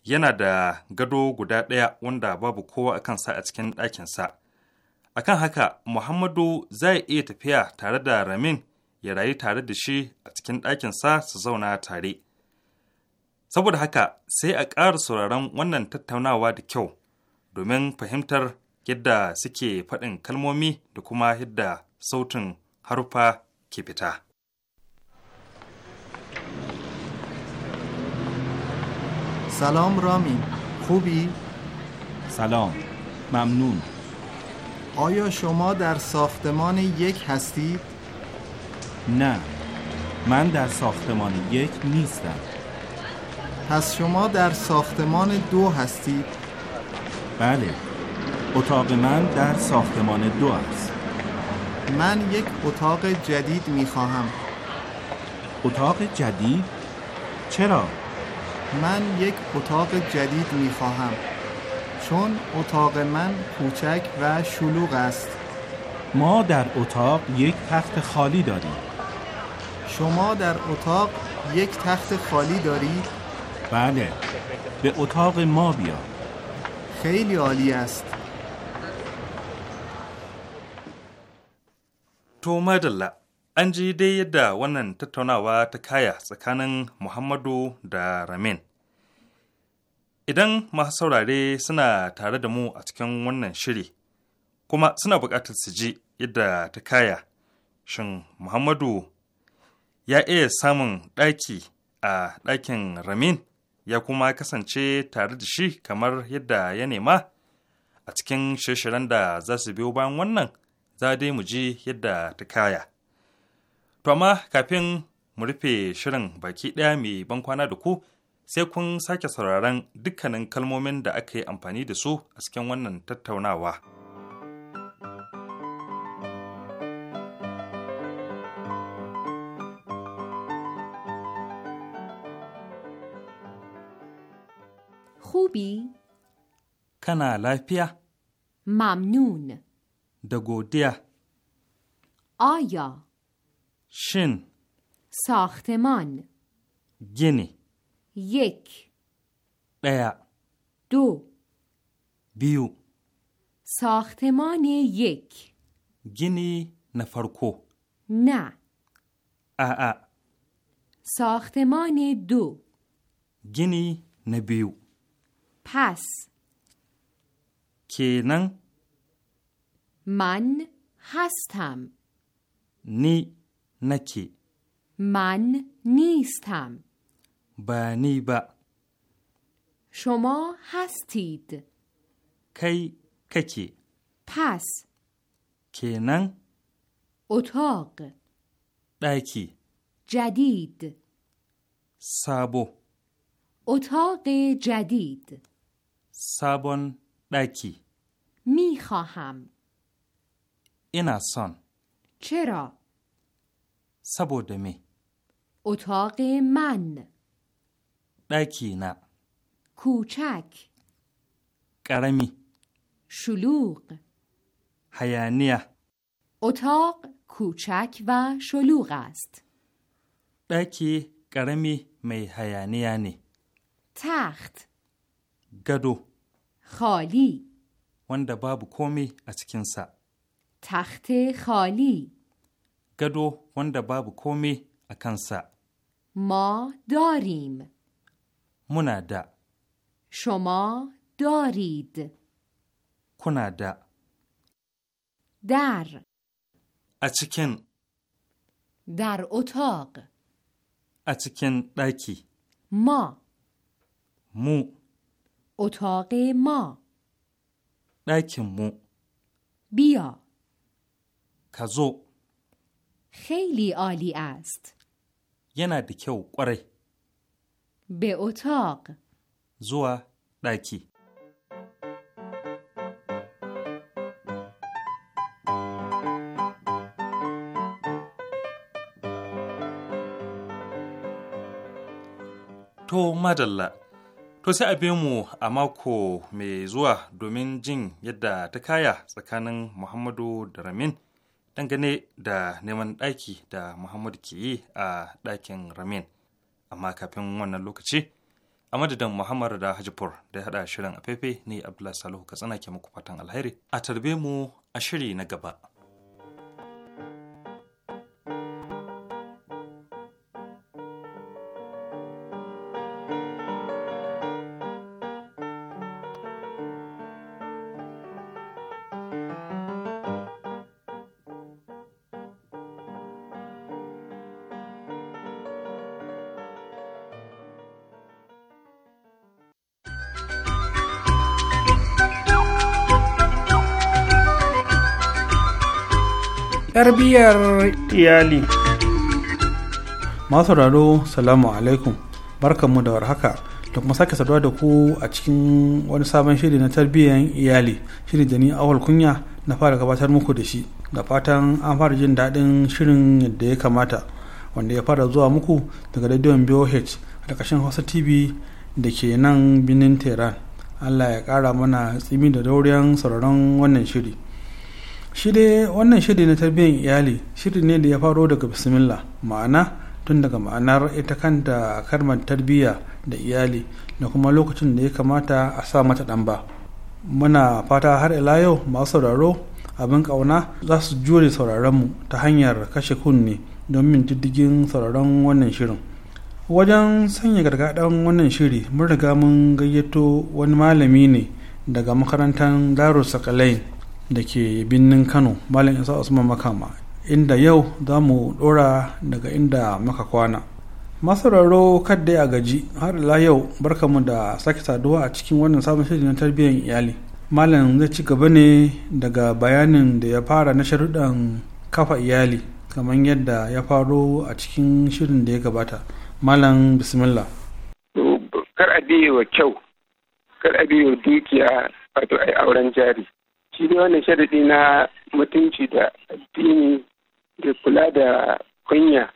yana da gado guda ɗaya wanda babu kowa a kansa a cikin ɗakinsa. Akan haka Muhammadu zai iya tafiya tare da Ramin ya rayu tare da shi a cikin ɗakinsa su zauna tare. Saboda haka sai a ƙara sauraron wannan tattaunawa da kyau domin fahimtar یده سکی پدن کلمومی ده کما یده صوتن هروپه که پیتا سلام رامی خوبی؟ سلام ممنون آیا شما در ساختمان یک هستید؟ نه من در ساختمان یک نیستم پس شما در ساختمان دو هستید؟ بله اتاق من در ساختمان دو است من یک اتاق جدید می خواهم اتاق جدید؟ چرا؟ من یک اتاق جدید می خواهم چون اتاق من کوچک و شلوغ است ما در اتاق یک تخت خالی داریم شما در اتاق یک تخت خالی دارید؟ بله به اتاق ما بیا خیلی عالی است To madalla, an ji dai yadda wannan tattaunawa ta kaya tsakanin Muhammadu da Ramin. Idan masu saurare suna tare da mu a cikin wannan shiri, kuma suna buƙatar su ji yadda ta kaya, shin Muhammadu ya iya samun ɗaki a ɗakin Ramin ya kuma kasance tare da shi kamar yadda ya nema a cikin shirye-shiryen da za su biyo bayan wannan? za dai mu ji yadda ta kaya. To amma kafin mu rufe shirin baki ɗaya mai ban kwana da ku sai kun sake sauraron dukkanin kalmomin da aka yi amfani da su a cikin wannan tattaunawa. hubi. kana lafiya? Mamnun. da آیا شن ساختمان گینی یک دیا دو بیو ساختمان یک گینی نفرکو نه آآ ساختمان دو گینی نبیو پس کینن من هستم نی نکی من نیستم بانی با شما هستید کی ککی پس کنن اتاق داکی جدید سابو اتاق جدید سابون داکی میخواهم این سان چرا؟ سبودمی اتاق من دکی نه کوچک قرمی شلوغ حیانیه اتاق کوچک و شلوغ است دکی قرمی می حیانیانی تخت گدو خالی وند باب کومی از کنسه تخت خالی گدو وند باب کومی اکنسا ما داریم منادا شما دارید کنادا در اچکن در اتاق اچکن داکی ما مو اتاق ما داکی مو بیا kazo. خیلی عالی است یه da kyau kwarai به اتاق zuwa ɗaki. To madalla, to sai a mu a mako mai zuwa domin jin yadda ta kaya tsakanin Muhammadu da Ramin. dangane da neman ɗaki da Muhammad ke yi a ɗakin Ramin. Amma kafin wannan lokaci, a madadin Muhammad da Hajipur da ya haɗa shirin a ne Abdullahi Salihu Katsina ke muku fatan alheri. A tarbe mu a shiri na gaba. tarbiyyar iyali. Masu raro, salamu alaikum, barkanmu da warhaka. da kuma sake saduwa da ku a cikin wani sabon shiri na tarbiyyar iyali shiri da ni awal kunya na fara gabatar muku da shi da fatan an fara jin daɗin shirin yadda ya kamata wanda ya fara zuwa muku daga rediyon boh a ƙarshen hausa tv da ke nan birnin tehran allah ya ƙara mana tsimi da dauriyan sauraron wannan shiri shi dai wannan shiri na tarbiyyar iyali shiri ne da ya faro daga bismillah ma'ana tun daga ma'anar ita kanta karmar tarbiyya da iyali da kuma lokacin da ya kamata a sa mata dan ba muna fata har ila yau masu sauraro abin ƙauna za su jure sauraronmu ta hanyar kashe kunne domin diddigin sauraron wannan shirin wajen sanya gargaɗin wannan shiri mun riga mun gayyato wani malami ne daga makarantar darussakalai da ke binnin kano malam isa usman makama inda yau za mu dora daga inda maka kwana masu raro kadai a gaji har la yau barkamu da sake saduwa a cikin wannan sabon shirin na tarbiyyar iyali malam zai ci gaba ne daga bayanin da ya fara na sharuɗan kafa iyali kamar yadda ya faro a cikin shirin da ya gabata malam bismillah kar a biye wa kyau kar a biye wa dukiya wato ai auren jari shi dai wannan sharadi na mutunci da addini da kula da kunya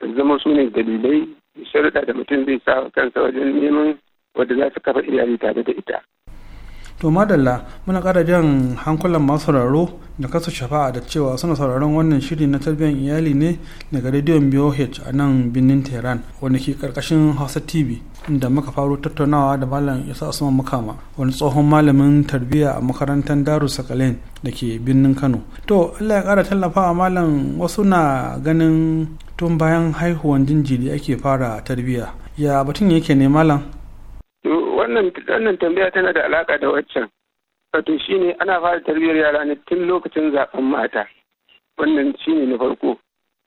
da zama su ne dalilai da da mutum zai sa kansa wajen neman wadda za su kafa iyali tare da ita to madalla muna kara jan hankulan masu sauraro da kasa shafa'a da cewa suna sauraron wannan shiri na tarbiyyar iyali ne daga rediyon BOH a nan birnin Tehran wanda ke karkashin Hausa TV inda muka faro tattaunawa da Malam Isa asuman Mukama wani tsohon malamin tarbiyya a makarantar Daru sakalin da ke birnin Kano. To Allah ya kara tallafa a malam wasu na ganin tun bayan haihuwan jinjiri ake fara tarbiyya. Ya batun yake ne malam? wannan tambaya tana da alaka da waccan wato shine ana fara tarbiyyar yara ne tun lokacin zaben mata wannan shine na farko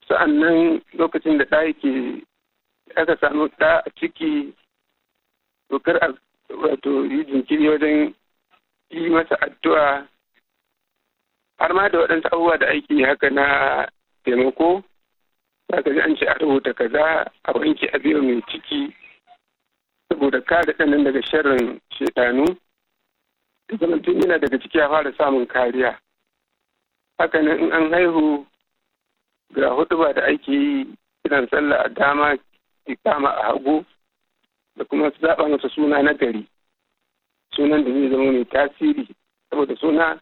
sa'annan lokacin da ɗa yake aka samu ɗa a ciki dokar a wato yi jinkiri wajen yi masa addu'a har ma da waɗansu abubuwa da aiki haka na taimako za ka ji an ce a rubuta kaza a wanke a mai ciki saboda kare ɗanin daga sharrin da zamantun yana daga ciki a fara samun kariya hakanan in an haihu ga huɗuba da ake yi kiran sallah a dama ikama a hagu da kuma zaɓa masa suna na gari sunan da zai zama mai tasiri saboda suna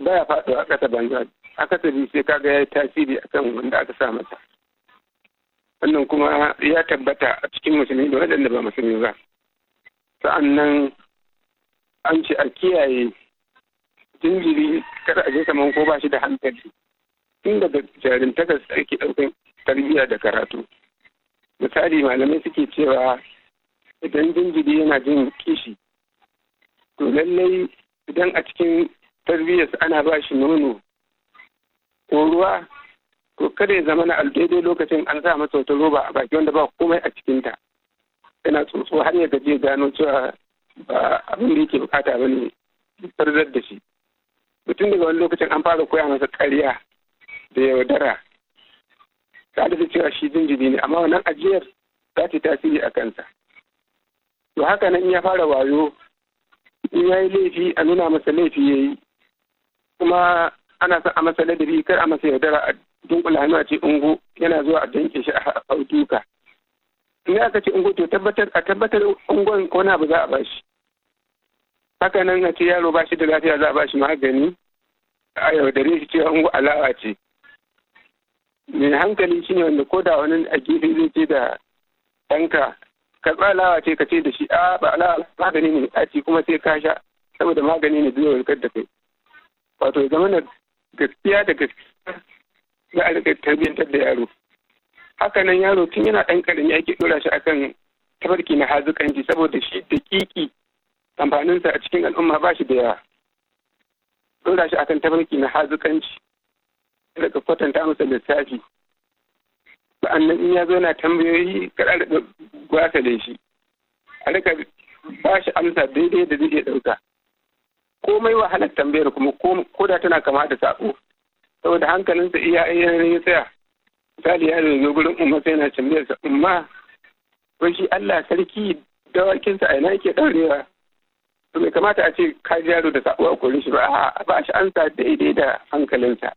baya faɗo a ƙasa banza akasari sai kaga ya yi tasiri akan wanda aka sa masa wannan kuma ya tabbata a cikin musulmi da waɗanda ba musulmi ba Sa'annan nan an ce a kiyaye jinjiri kada a je saman ko ba shi da hankali tun daga jarintakar sa ake ɗaukan tarbiyya da karatu misali malamai suke cewa idan jinjiri yana jin kishi to lallai idan a cikin tarbiyyarsa ana ba shi nono ko ruwa to kada ya zama na aldaidai lokacin an sa masa wata roba a baki wanda ba komai a cikinta yana tsotso har ya gaje gano cewa ba abin da yake bukata ba ne farzar da shi mutum daga wani lokacin an fara koya masa karya da yaudara ta da cewa shi jinjiri ne amma wannan ajiyar za ta tasiri a kansa to haka nan ya fara wayo in ya yi laifi a nuna masa laifi ya yi kuma ana son a masa ladabi kar a masa yaudara dunkula hannu a ce ungo yana zuwa a danke shi a hau duka in aka ce ungo to tabbatar a tabbatar ungon wani abu za a bashi haka nan a ce yaro bashi da lafiya za a bashi magani a yaudare shi cewa ungo alawa ce mai hankali shine wanda ko da wani a gefe zai ce da ɗanka karɓa alawa ce ka ce da shi a ah, ba alawa magani ne a ci kuma sai ka sha saboda magani ne zai warkar da kai wato zama na gaskiya da gaskiya za a rika tarbiyyantar da yaro hakanan yaro tun yana ɗan ƙarami ake ɗora shi akan tabarki na hazukanci saboda shi da ƙiƙi amfaninsa a cikin al'umma ba shi da yawa ɗora shi akan tabarki na hazukanci daga kwatanta masa lissafi sa'annan in ya zo na tambayoyi kada da gwasa da shi a rika ba shi amsa daidai da zai iya ɗauka komai wahalar tambayar kuma ko da tana kama da sako saboda hankalinsa iya ya tsaya misali ya zo gurin umma sai na tambayarsa umma ko shi Allah sarki dawakinsa a ina yake daurewa to bai kamata a ce ka yaro da sabuwa a shi ba a ba shi ansa daidai da hankalinsa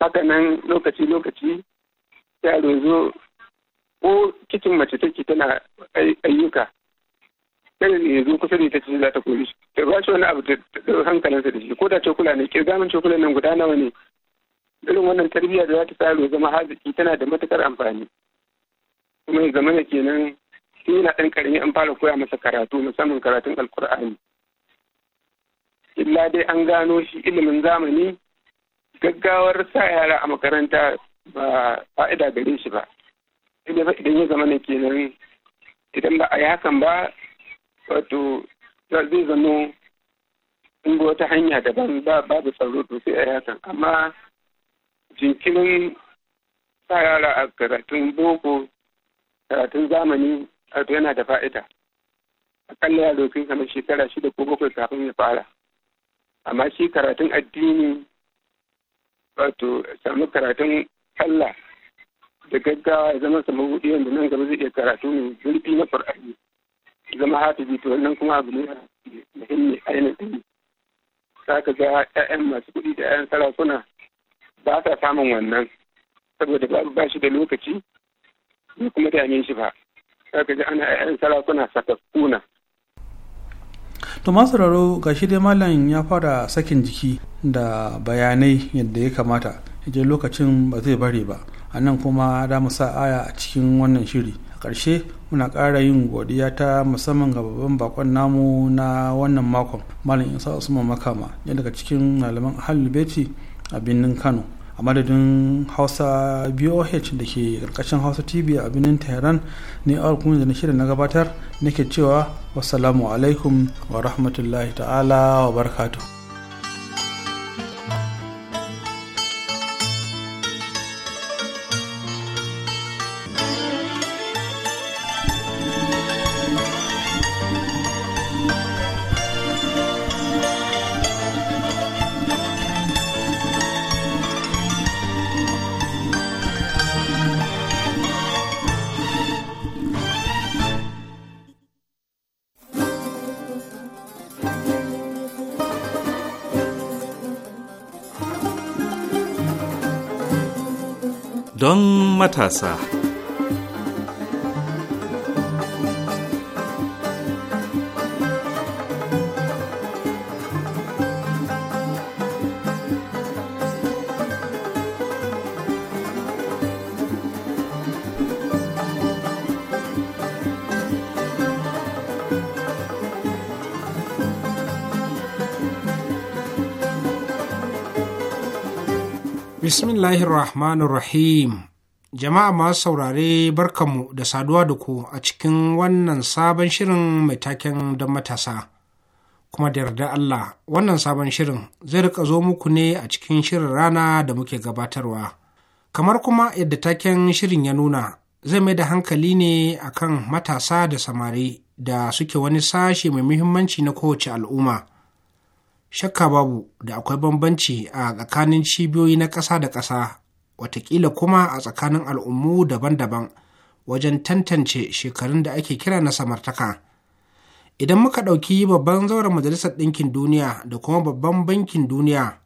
haka nan lokaci lokaci yaro zo ko cikin mace take tana ayyuka sai ne yanzu kusa da ita ce za ta koyi shi ta ba shi wani abu da ɗau hankalinsa da shi ko da cokula ne kirga min cokula nan guda nawa ne irin wannan tarbiyya da za ta tsaro zama haziki tana da matukar amfani kuma ya zama kenan sai yana ɗan ƙarami an fara koya masa karatu musamman karatun alkur'ani illa dai an gano shi ilimin zamani gaggawar sa yara a makaranta ba fa'ida gare shi ba idan ya zama kenan idan ba a yi hakan ba wato zai zano in wata hanya daban ba babu tsaro to sai a hakan amma jinkirin sa yara a karatun boko karatun zamani wato yana da fa'ida akalla yaro sun kamar shekara shida ko bakwai kafin ya fara amma shi karatun addini wato samu karatun sallah da gaggawa ya zama samun hudu yanzu nan gaba zai iya karatu ne zurfi na qur'ani zama hafizi to wannan kuma abu ne muhimmi ainihin za ka ga 'ya'yan masu kuɗi da 'ya'yan sarakuna ba sa samun wannan saboda babu ba shi da lokaci bai kuma da dame shi ba za ka ga ana 'ya'yan sarakuna sakakkuna to masu raro ga shi dai malam ya fara sakin jiki da bayanai yadda ya kamata idan lokacin ba zai bare ba a nan kuma da sa aya a cikin wannan shiri karshe muna ƙara yin godiya ta musamman ga babban bakon namu na wannan makon malam isa usman makama ya daga cikin malaman ahalul beti a birnin kano a madadin hausa boh da ke karkashin hausa tv a birnin tehran ne awar kuma da na na gabatar nake cewa wassalamu alaikum wa rahmatullahi ta'ala wa barkatu. matasa. Bismillahirrahmanirrahim. Jama'a masu saurare barkanmu da saduwa da ku a cikin wannan sabon shirin mai taken don matasa. Kuma da yarda Allah wannan sabon shirin zai rika zo muku ne a cikin shirin rana da muke gabatarwa. Kamar kuma yadda taken shirin ya nuna zai mai da hankali ne akan matasa da samari da suke wani sashe mai muhimmanci na kowace al'umma. Shakka babu da akwai bambanci a tsakanin cibiyoyi na ƙasa da ƙasa watakila kuma a tsakanin al'ummu daban-daban wajen tantance shekarun da ake kira na samartaka idan muka ɗauki babban zauren majalisar ɗinkin duniya da kuma babban bankin duniya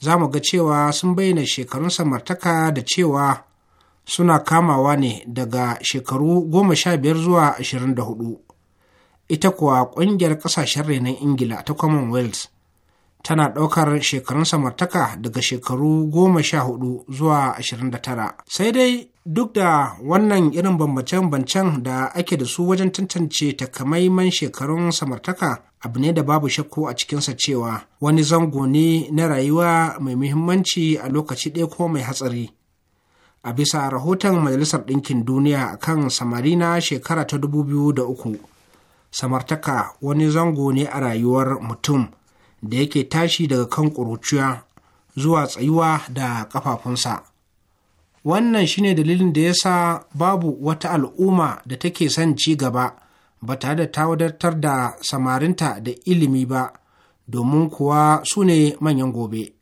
za mu ga cewa sun bayyana shekarun samartaka da cewa suna kamawa ne daga shekaru goma sha biyar zuwa ashirin da hudu ita kuwa ƙungiyar ƙasashen renon ingila ta commonwealth tana ɗaukar shekarun samartaka daga shekaru goma sha hudu zuwa ashirin da tara sai dai duk da wannan irin bambance-bambancen da ake da su wajen tantance takamaiman shekarun samartaka abu ne da babu shakku a cikinsa cewa wani zango ne na rayuwa mai muhimmanci a lokaci ɗaya ko mai hatsari a bisa rahoton majalisar ɗinkin duniya a kan samari na shekara ta dubu biyu da uku, samartaka wani zango ne a rayuwar mutum da yake tashi daga kan ƙuruciya zuwa tsayuwa da ƙafafunsa. Wannan shine dalilin da ya sa babu wata al'umma da take son ci gaba ba tare da ta wadatar da samarinta da ilimi ba, domin kuwa su ne manyan gobe.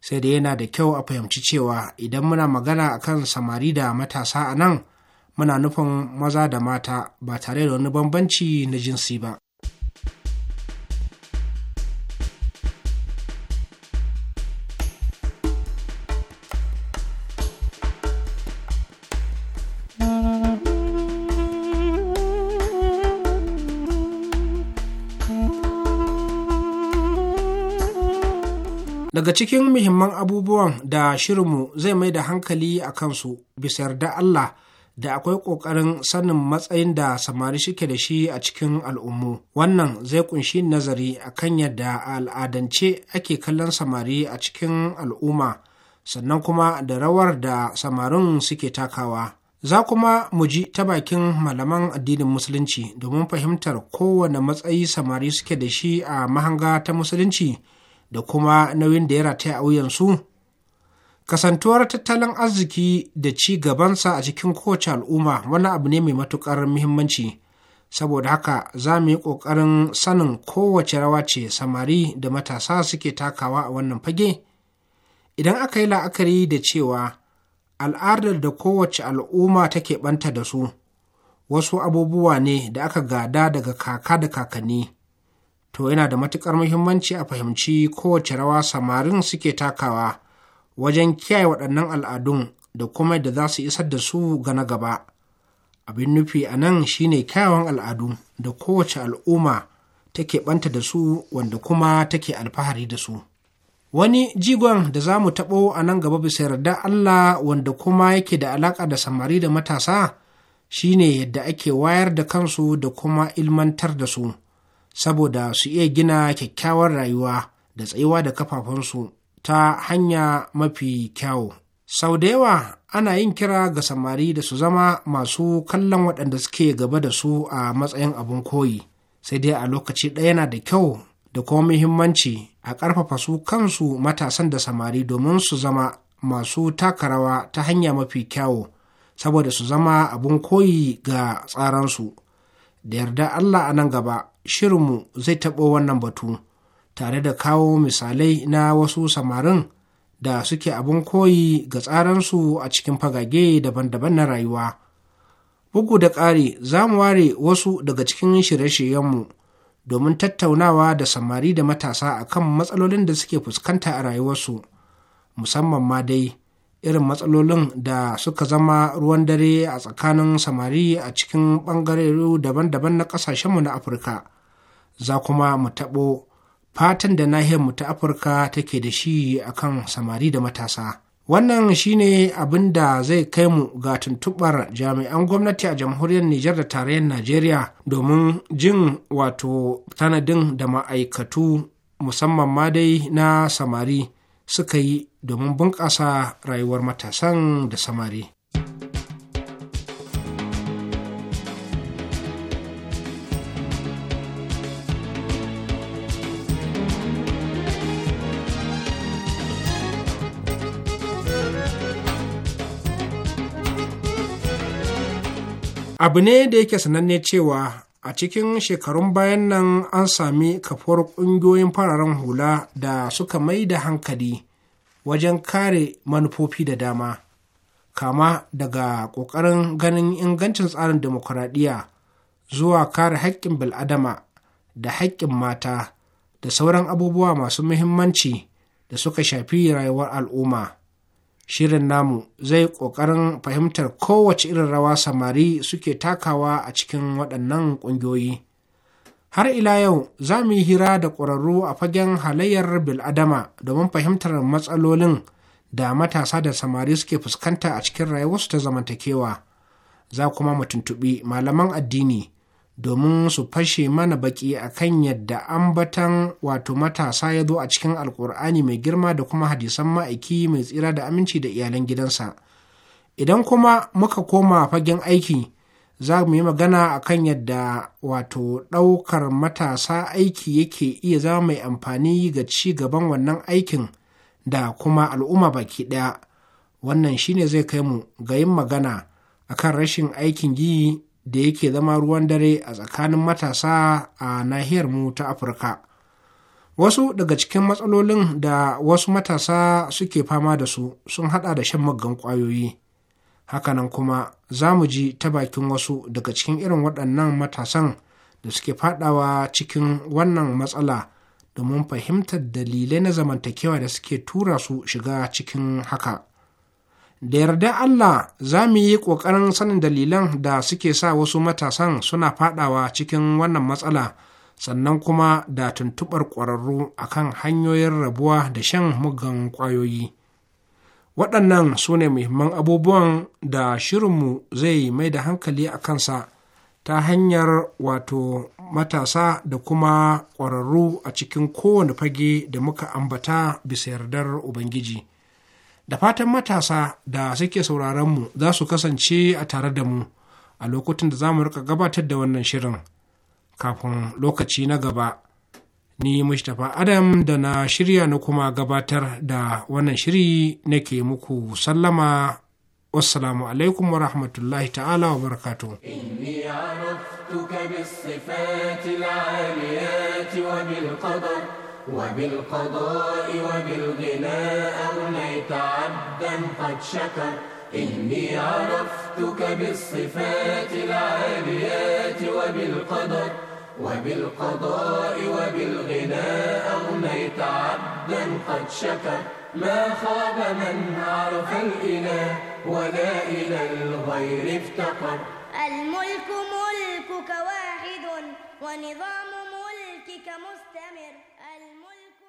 Sai da yana da kyau a fahimci cewa idan muna magana akan samari da matasa a nan, muna nufin maza da mata ba tare da wani bambanci na jinsi ba. Daga cikin muhimman abubuwan da shirinmu zai mai da hankali a kansu bisa yarda Allah da akwai ƙoƙarin sanin matsayin da samari suke da shi a cikin al'ummu. Wannan zai kunshi nazari a kan yadda a al'adance ake kallon samari a cikin al'umma, sannan kuma da rawar da samarin suke takawa. Za kuma mu ji ta bakin malaman addinin Musulunci domin fahimtar kowane matsayi samari suke da shi a mahanga ta Musulunci da kuma nauyin da ya rataya a wuyansu kasantuwar tattalin arziki da ci gabansa a cikin kowace al'umma wani abu ne mai matuƙar muhimmanci saboda haka za mu yi ƙoƙarin sanin kowace rawa ce samari da matasa suke takawa a wannan fage idan aka yi la'akari da cewa al'adar da kowace al'umma take ɓanta da su wasu abubuwa ne da aka gada daga kaka da kakanni to yana da matuƙar muhimmanci a fahimci kowace rawa samarin suke takawa wajen kiyaye waɗannan al'adun da kuma da za su isar da su ga na gaba abin nufi a nan shine kyawawan al'adu da kowace al'umma take ɓanta da su wanda kuma take alfahari da su wani jigon da za mu taɓo a nan gaba bisa yarda allah wanda kuma yake da alaƙa da samari da matasa shine yadda ake wayar da kansu da kuma ilmantar da su saboda su iya gina kyakkyawar rayuwa da tsayuwa da kafafunsu ta hanya mafi kyawu. Sau da yawa ana yin kira ga samari da su zama masu kallon waɗanda suke gaba da su a matsayin abin koyi, sai dai a lokaci ɗaya yana da kyau da kuma muhimmanci a ƙarfafa su kansu matasan da samari domin su zama masu taka rawa ta hanya mafi kyawu, saboda su zama abin koyi ga tsaransu. Da yarda Allah a nan gaba shirinmu zai taɓo wannan batu tare da kawo misalai na wasu samarin da suke abin koyi ga tsaransu a cikin fagage daban-daban na rayuwa. Bugu da ƙari za mu ware wasu daga cikin shirye-shiryenmu domin tattaunawa da samari da matasa a kan matsalolin da suke fuskanta a rayuwarsu, musamman ma dai irin matsalolin da suka zama ruwan dare a tsakanin samari a cikin ɓangare daban-daban na ƙasashenmu na afirka za kuma mu taɓo fatan da nahiyarmu ta afirka take da shi akan samari da matasa wannan shine abin da zai kai mu ga tuntuɓar jami'an gwamnati a jamhuriyar nijar da tarayyar najeriya domin jin wato tanadin da ma'aikatu musamman ma dai na samari suka yi domin bunƙasa rayuwar matasan da samari. abu ne da yake sananne cewa a cikin shekarun bayan nan an sami kafuwar ƙungiyoyin fararen hula da suka mai da hankali wajen kare manufofi da dama kama daga ƙoƙarin ganin ingancin tsarin demokuraɗiyya zuwa kare haƙƙin bil'adama da haƙƙin mata da sauran abubuwa masu muhimmanci da suka shafi rayuwar al'umma shirin namu zai ƙoƙarin fahimtar kowace irin rawa samari suke takawa a cikin waɗannan ƙungiyoyi. Har ila yau za mu yi hira da ƙwararru a fagen halayyar bil'adama domin fahimtar matsalolin da matasa da samari suke fuskanta a cikin rayuwarsu ta zamantakewa. Za kuma mu tuntuɓi malaman addini domin su fashe mana baƙi a kan yadda ambatan wato matasa ya zo a cikin Alƙur'ani mai girma da kuma hadisan ma'aiki mai tsira da aminci da iyalan gidansa. Idan kuma muka koma fagen aiki. za mu yi magana a kan yadda wato ɗaukar matasa aiki yake iya zama mai amfani ga ci gaban wannan aikin da kuma al'umma baki ɗaya wannan shine zai kai mu ga yin magana a kan rashin aikin yi da yake zama ruwan dare a tsakanin matasa a nahiyar mu ta afirka wasu daga cikin matsalolin da wasu matasa suke fama da su sun haɗa da shan maggan kwayoyi hakanan kuma za mu ji ta bakin wasu daga cikin irin waɗannan matasan da suke fadawa cikin wannan matsala domin fahimtar dalilai na zamantakewa da suke tura su shiga cikin haka da yarda Allah za mu yi ƙoƙarin sanin dalilan da suke sa wasu matasan suna fadawa cikin wannan matsala sannan kuma da tuntuɓar ƙwararru akan hanyoyin rabuwa da shan mugan ƙwayoyi. waɗannan su ne muhimman abubuwan da shirinmu zai mai da hankali a kansa ta hanyar wato matasa da kuma ƙwararru a cikin kowane fage da muka ambata bisa yardar ubangiji da fatan matasa da suke sauraronmu za su kasance a tare da mu a lokutan da za mu rika gabatar da wannan shirin kafin lokaci na gaba ni mustapha adam da na shirya na kuma gabatar da wannan shiri nake muku sallama wassalamu alaikum wa rahmatullahi ta'ala wa barakatu وبالقضاء وبالغناء أغنيت عبدا قد شكر إني عرفتك بالصفات العاليات وبالقدر وبالقضاء وبالغناء أغنيت عبدا قد شكر ما خاب من عرف الإله ولا إلى الغير افتقر الملك ملكك واحد ونظام ملكك مستمر الملك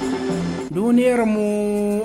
ملك... duniyarmu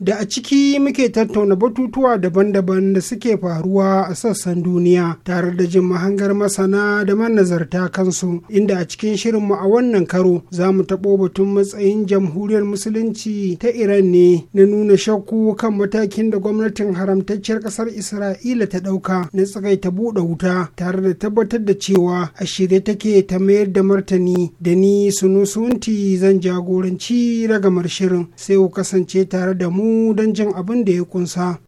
da a ciki muke tattauna batutuwa daban-daban da suke faruwa a sassan duniya tare da jin mahangar masana da manazarta kansu inda a cikin shirinmu a wannan karo za mu taɓo batun matsayin jamhuriyar musulunci ta iran ne na nuna shakku kan matakin da gwamnatin haramtacciyar ƙasar isra'ila ta ɗauka na tsagaita buɗe wuta tare da tabbatar da cewa a shirye take ta mayar da martani da ni sunusunti zan jagoranci ragamar shirin sai ku kasance tare da mu don jin abin da ya kunsa.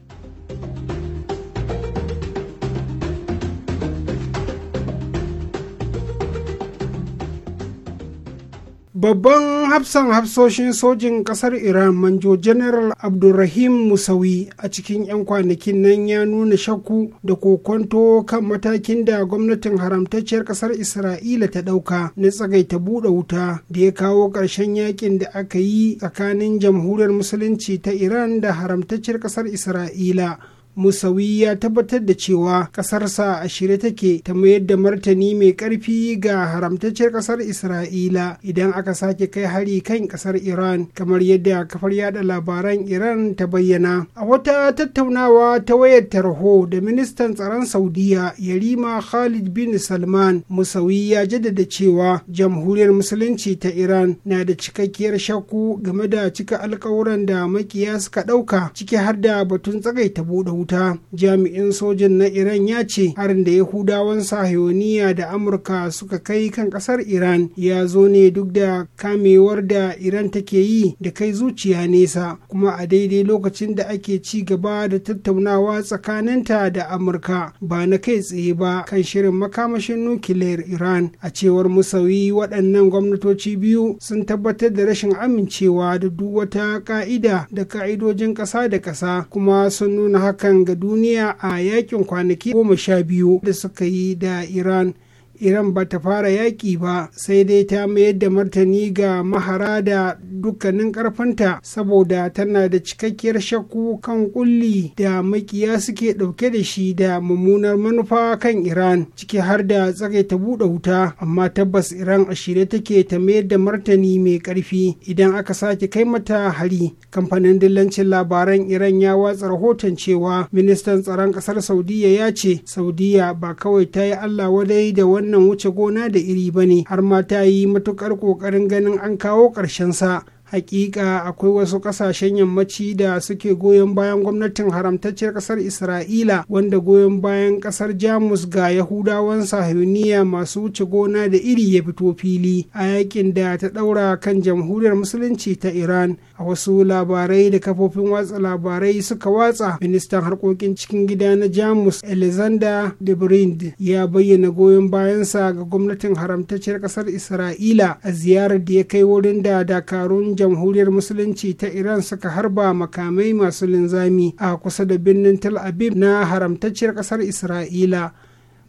Babban hafsan hafsoshin sojin ƙasar Iran Manjo General Abdulrahim Musawi a cikin 'yan kwanakin nan ya nuna shakku da kokonto kan matakin da gwamnatin haramtacciyar ƙasar Isra'ila ta ɗauka na tsagaita buɗe wuta da ya kawo ƙarshen yakin da aka yi tsakanin jamhuriyar musulunci ta Iran da haramtacciyar ƙasar Isra'ila. musawi ya tabbatar da cewa ƙasarsa a shirye take ta mayar da martani mai ƙarfi ga haramtacciyar ƙasar isra'ila idan aka sake kai hari kan ƙasar iran kamar yadda kafar yada labaran iran ta bayyana a wata tattaunawa ta wayar tarho da ministan tsaron saudiya yarima khalid bin salman musawi ya jaddada cewa jamhuriyar musulunci ta iran na da cikakkiyar shakku game da cika alkawuran da makiya suka ɗauka ciki har da batun tsagaita buɗe wuta rubuta jami'in sojin na iran ya ce harin da yahudawan sahiyoniya da amurka suka kai kan kasar iran ya zo ne duk da kamewar da iran take yi da kai zuciya nesa kuma a daidai lokacin da ake ci gaba da tattaunawa tsakaninta da amurka ba na kai tsaye ba kan shirin makamashin nukiliyar iran a cewar musawi waɗannan gwamnatoci biyu sun tabbatar da rashin amincewa da duk wata ka'ida da ka'idojin ƙasa da ƙasa kuma sun nuna hakan kan duniya a yakin kwanaki goma sha biyu da suka yi da iran iran ba ta fara yaƙi ba sai dai ta mayar da martani ga mahara da dukkanin ƙarfinta saboda tana da cikakkiyar shakku kan kulli da makiya suke ɗauke da shi da mummunar manufa kan iran ciki har da ta buɗe wuta amma tabbas iran a shirye take ta mayar da martani mai ƙarfi idan aka sake kai mata hari kamfanin dillancin labaran iran ya watsa rahoton cewa ministan tsaron ƙasar saudiya ya ce saudiya ba kawai ta yi allah wadai da wani wannan wuce gona da iri bane har ma ta yi matukar ƙoƙarin ganin an kawo ƙarshen sa hakika akwai wasu kasashen yammaci da suke goyon bayan gwamnatin haramtacciyar kasar isra'ila wanda goyon bayan kasar jamus ga yahudawan sahuniya masu wuce gona da iri ya fito fili a yakin da ta daura kan jamhuriyar musulunci ta iran a wasu labarai da kafofin watsa labarai suka watsa ministan harkokin cikin gida na jamus alexander de brind ya bayyana goyon bayansa ga gwamnatin haramtacciyar kasar isra'ila a ziyarar da ya kai wurin da dakarun jamhuriyar musulunci ta iran suka harba makamai masu linzami a kusa da birnin tel aviv na haramtacciyar kasar isra'ila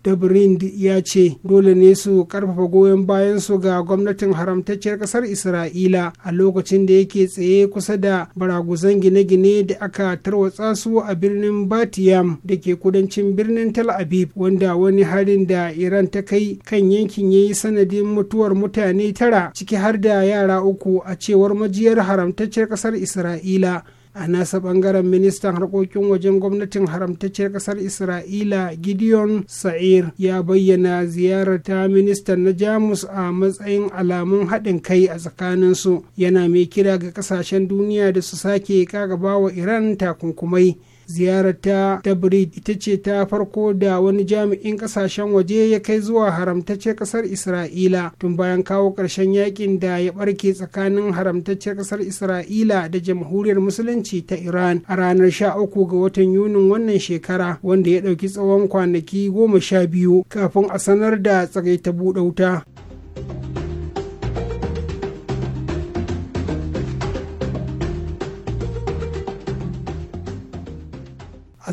Dabrind ya ce dole ne su karfafa goyon bayan su ga gwamnatin haramtacciyar kasar Isra'ila a lokacin da yake tsaye kusa da baraguzan gine-gine da aka tarwatsa su a birnin Batiyam da ke kudancin birnin Tel Aviv wanda wani harin da Iran ta kai kan yankin ya yi sanadin mutuwar mutane tara ciki har da yara uku a cewar majiyar haramtacciyar kasar Isra'ila. a nasa bangaren ministan harkokin wajen gwamnatin haramtacciyar kasar isra'ila gideon sa'ir ya bayyana ziyarar ta ministan na jamus a matsayin alamun haɗin kai a tsakaninsu yana mai kira ga kasashen duniya da su sake "Kaga bawa iran takunkumai ziyarar ta tabrid ita ce ta farko da wani jami'in kasashen waje ya kai zuwa haramtacciyar kasar isra'ila tun bayan kawo ƙarshen yakin da ya barke tsakanin haramtacciyar kasar isra'ila da jamhuriyar musulunci ta iran a ranar sha uku ga watan Yuni wannan shekara wanda ya ɗauki tsawon kwanaki goma sha biyu kafin a sanar da tsagaita buɗe wuta.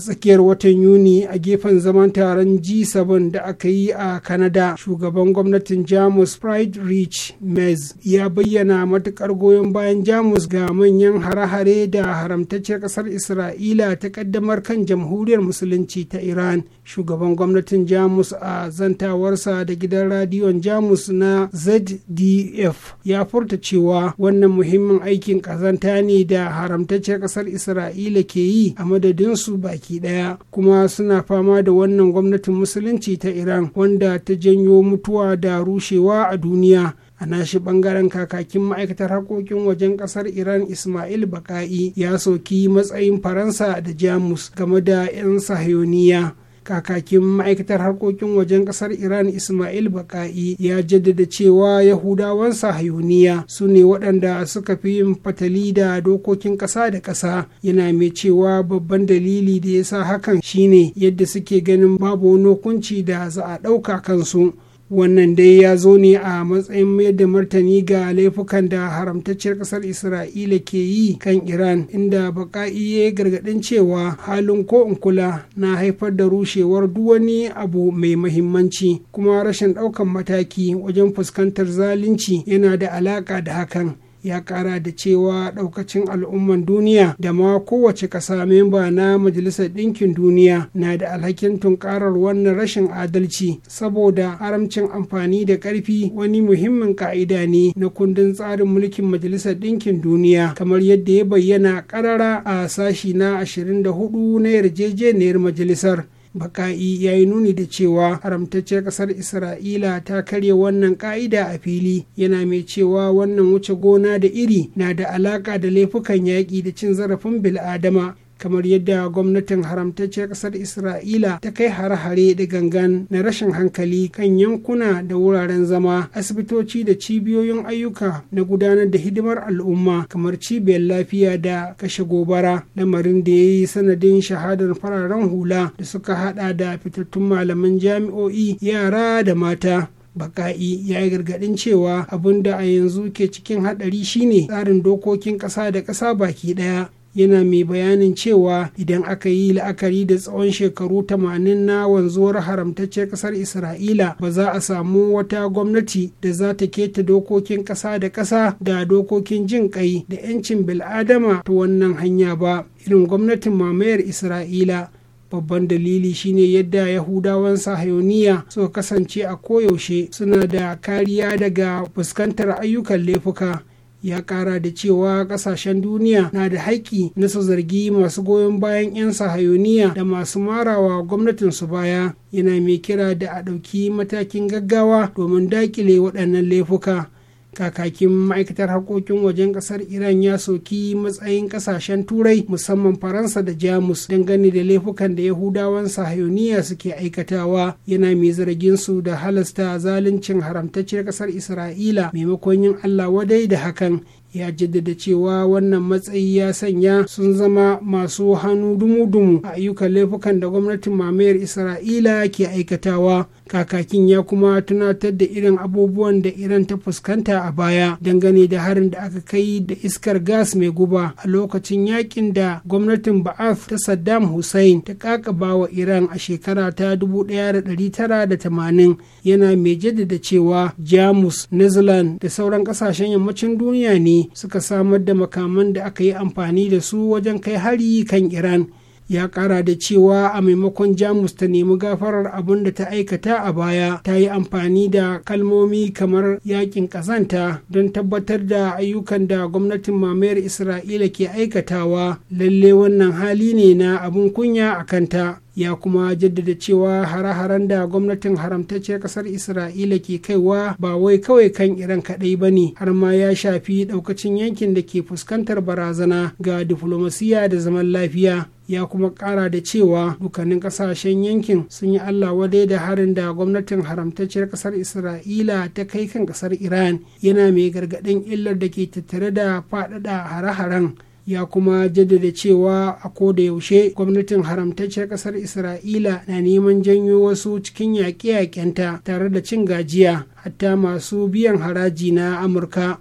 tsakiyar watan yuni a gefen zaman taron g7 da aka yi a Kanada, shugaban gwamnatin jamus pride rich mez ya bayyana matukar goyon bayan jamus ga manyan hare-hare da haramtacciyar kasar isra'ila ta kaddamar kan jamhuriyar musulunci ta iran shugaban gwamnatin jamus a zantawarsa da gidan radiyon jamus na zdf ya furta cewa wannan muhimmin aikin kazanta ne da haramtacciyar kasar isra'ila ke yi a madadinsu baki baki daya kuma suna fama da wannan gwamnatin musulunci ta iran wanda ta janyo mutuwa da rushewa a duniya a nashi bangaren kakakin ma'aikatar harkokin wajen kasar iran ismail baka'i ya soki matsayin faransa da jamus game da 'yan sahayoniya kakakin ma'aikatar harkokin wajen kasar iran ismail baka'i ya jaddada cewa yahudawan sahayuniya su ne waɗanda suka fi yin fatali da dokokin ƙasa da ƙasa yana mai cewa babban dalili da ya sa hakan shine yadda suke ganin babu wani hukunci da za a ɗauka kansu wannan dai ya zo ne a matsayin mayar da martani ga laifukan da haramtacciyar ƙasar isra'ila ke yi kan iran inda baka'i ya gargaɗin cewa halin ko in kula na haifar da rushewar duk wani abu mai mahimmanci kuma rashin ɗaukan mataki wajen fuskantar zalunci yana da alaƙa da hakan ya kara da cewa daukacin al'umman duniya da ma kowace ƙasa memba na majalisar ɗinkin duniya na da alhakin tunkarar wannan rashin adalci saboda haramcin amfani da ƙarfi wani muhimmin ka'ida ne na kundin tsarin mulkin majalisar ɗinkin duniya kamar yadda ya bayyana ƙarara a sashi na 24 na yarjejeniyar majalisar baka'i ya yi nuni da cewa haramtacciyar kasar isra'ila ta karya wannan ka'ida a fili yana mai cewa wannan wuce gona da iri na da alaka da laifukan yaƙi da cin zarafin bil'adama kamar yadda gwamnatin haramtacciyar ƙasar isra'ila ta kai hare-hare da gangan na rashin hankali kan yankuna da wuraren zama asibitoci da cibiyoyin ayyuka na gudanar da hidimar al'umma kamar cibiyar lafiya da kashe gobara lamarin da ya yi sanadin shahadar fararen hula da suka hada da fitattun malaman jami'o'i yara da mata baka'i ya yi gargadin cewa abin da a yanzu ke cikin hadari shine tsarin dokokin ƙasa da ƙasa baki ɗaya yana mai bayanin cewa idan aka yi la'akari da tsawon shekaru 80 na wanzuwar haramtaccen kasar isra'ila ba za a samu wata gwamnati da za ta keta dokokin kasa da kasa da dokokin jin kai da 'yancin bil'adama ta wannan hanya ba irin gwamnatin mamayar isra'ila babban dalili shine yadda yahudawan sahayoniya suka kasance a koyaushe suna da kariya daga fuskantar ayyukan laifuka ya kara da cewa kasashen duniya na da haƙƙi na su zargi masu goyon bayan 'yan sahayoniya da masu marawa gwamnatin su baya yana mai kira da a ɗauki matakin gaggawa domin daƙile waɗannan laifuka kakakin ma'aikatar harkokin wajen kasar iran ya soki matsayin kasashen turai musamman faransa da jamus dangane da laifukan da yahudawan sahayoniya suke aikatawa yana mai zargin su da halasta zaluncin haramtacciyar kasar isra'ila maimakon yin allah wadai da hakan ya jaddada cewa wannan matsayi ya sanya sun zama masu hannu dumu-dumu a ayyukan laifukan da gwamnatin mamayar isra'ila ke aikatawa kakakin ya kuma tunatar da irin abubuwan da iran ta fuskanta a baya dangane da harin da aka kai da iskar gas mai guba a lokacin yakin da gwamnatin ba'af ta saddam hussein ta kakaba wa iran a shekara ta 1980 yana mai jaddada cewa jamus netherlands da sauran kasashen yammacin duniya ne suka samar da makaman da aka yi amfani da su wajen kai hari kan iran ya kara da cewa a maimakon jamus ta nemi gafarar abin da ta aikata a baya ta yi amfani da kalmomi kamar yakin kazanta don tabbatar da ayyukan da gwamnatin mamayar isra'ila ke aikatawa lalle wannan hali ne na abin kunya a kanta ya kuma jaddada cewa hare-haren da gwamnatin haramtacciyar kasar isra'ila ke kaiwa ba wai kawai kan iran kaɗai ba ne har ma ya shafi ɗaukacin yankin da ke fuskantar barazana ga diflomasiya da zaman lafiya ya kuma kara da cewa dukkanin kasashen yankin sun yi allah wadai da harin da gwamnatin haramtacciyar ƙasar isra'ila ta kai kan ƙasar iran yana mai gargaɗin illar da ke tattare da faɗaɗa hare-haren ya kuma jaddada cewa a koda yaushe gwamnatin haramtacciyar kasar isra'ila na neman janyo wasu cikin yaƙe-yaƙenta tare da cin gajiya hatta masu biyan haraji na amurka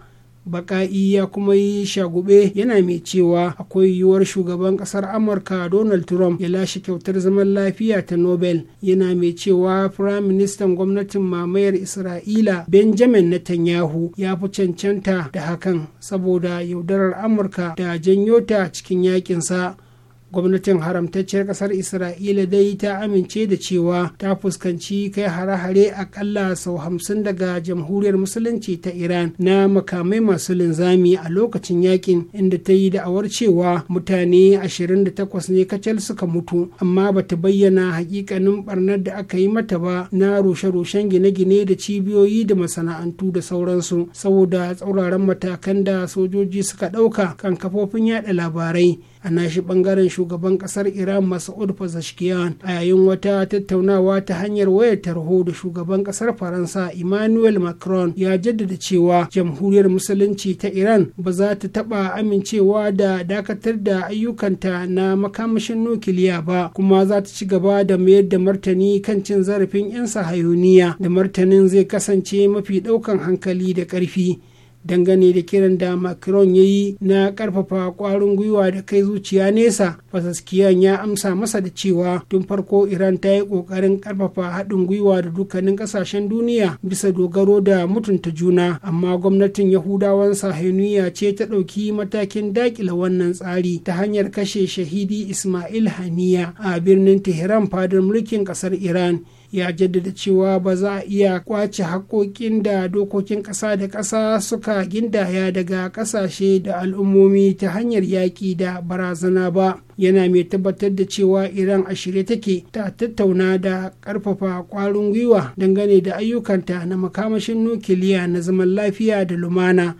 baƙa'i ya kuma yi shagube yana mai cewa akwai yiwuwar shugaban ƙasar amurka donald trump ya lashe kyautar zaman lafiya ta nobel yana mai cewa firayim ministan gwamnatin mamayar isra'ila benjamin netanyahu ya fi cancanta da hakan saboda yaudarar amurka da janyo ta cikin yakinsa gwamnatin haramtacciyar kasar isra'ila dai ta amince da cewa ta fuskanci kai hare-hare akalla sau hamsin daga jamhuriyar musulunci ta iran na makamai masu linzami a lokacin yakin inda ta yi da'awar cewa mutane 28 ne kacal suka mutu amma bata bayyana hakikanin barnar da aka yi mata ba na rushe-rushen gine-gine da cibiyoyi da masana'antu da sauransu saboda tsauraran matakan da sojoji suka ɗauka kan kafofin yaɗa labarai a nashi bangaren shugaban kasar iran masaud pezeshkian a yayin wata tattaunawa ta hanyar wayar tarho da shugaban kasar faransa emmanuel macron ya jaddada cewa jamhuriyar musulunci ta iran ba za ta taba amincewa da dakatar da ayyukanta na makamashin nukiliya ba kuma za ta ci gaba da mayar da martani kan cin zarafin 'yan sahayuniya da martanin zai kasance mafi ɗaukan hankali da ƙarfi dangane da kiran da macron ya yi na karfafa kwarin gwiwa da kai zuciya nesa fasaskiyan ya amsa masa da cewa tun farko iran ta yi kokarin karfafa haɗin gwiwa da dukkanin ƙasashen duniya bisa dogaro da mutunta juna amma gwamnatin yahudawan Sahenuya ce ta ɗauki matakin dakila wannan tsari ta hanyar kashe shahidi ismail haniya a birnin tehran fadar mulkin ƙasar iran ya jaddada cewa ba za a iya kwace haƙoƙin da dokokin ƙasa da ƙasa suka gindaya daga ƙasashe da al'ummomi ta hanyar yaƙi da barazana ba yana mai tabbatar da cewa iran a shirye take ta tattauna da ƙarfafa ƙwarin gwiwa dangane da ayyukanta na makamashin nukiliya na zaman lafiya da lumana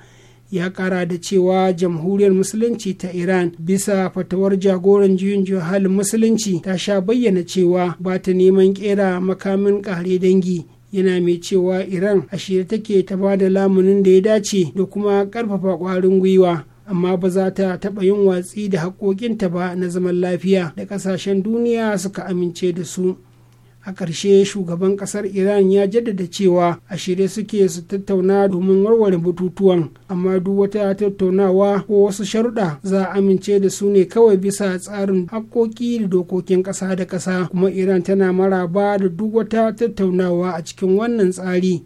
ya kara da cewa jamhuriyar musulunci ta iran bisa fatawar jagoran juyin halin musulunci ta sha bayyana cewa ba ta neman kera makamin kare dangi yana mai cewa iran a shirye take ta ba da lamunin da ya dace da kuma karfafa kwarin gwiwa amma ba za ta taɓa yin watsi da haƙoƙinta ba na zaman lafiya da ƙasashen duniya suka amince da su a ƙarshe shugaban ƙasar iran ya jaddada cewa a shirye suke su tattauna domin warware batutuwan amma duk wata tattaunawa ko wasu sharuɗa za a amince da su ne kawai bisa tsarin haƙƙoƙi da dokokin ƙasa da ƙasa kuma iran tana maraba da duk wata tattaunawa a cikin wannan tsari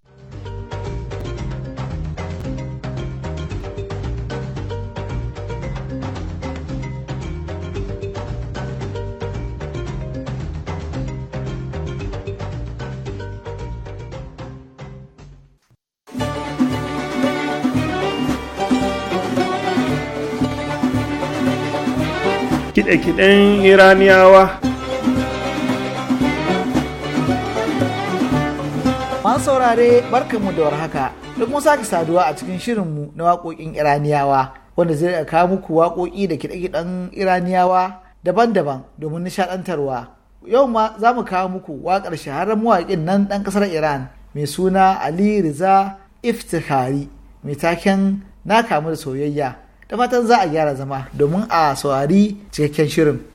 kiɗe-kiɗen iraniyawa masu saurare barkanmu da warhaka duk mun sake saduwa a cikin shirin mu na waƙoƙin iraniyawa wanda zai kawo muku waƙoƙi da kiɗe-kiɗen iraniyawa daban-daban domin nishaɗantarwa yau ma za mu kawo muku waƙar shaharar mawaƙin nan ɗan ƙasar iran mai suna ali riza iftikhari mai taken na kamu da soyayya da fatan za a gyara zama domin a saurari cikakken shirin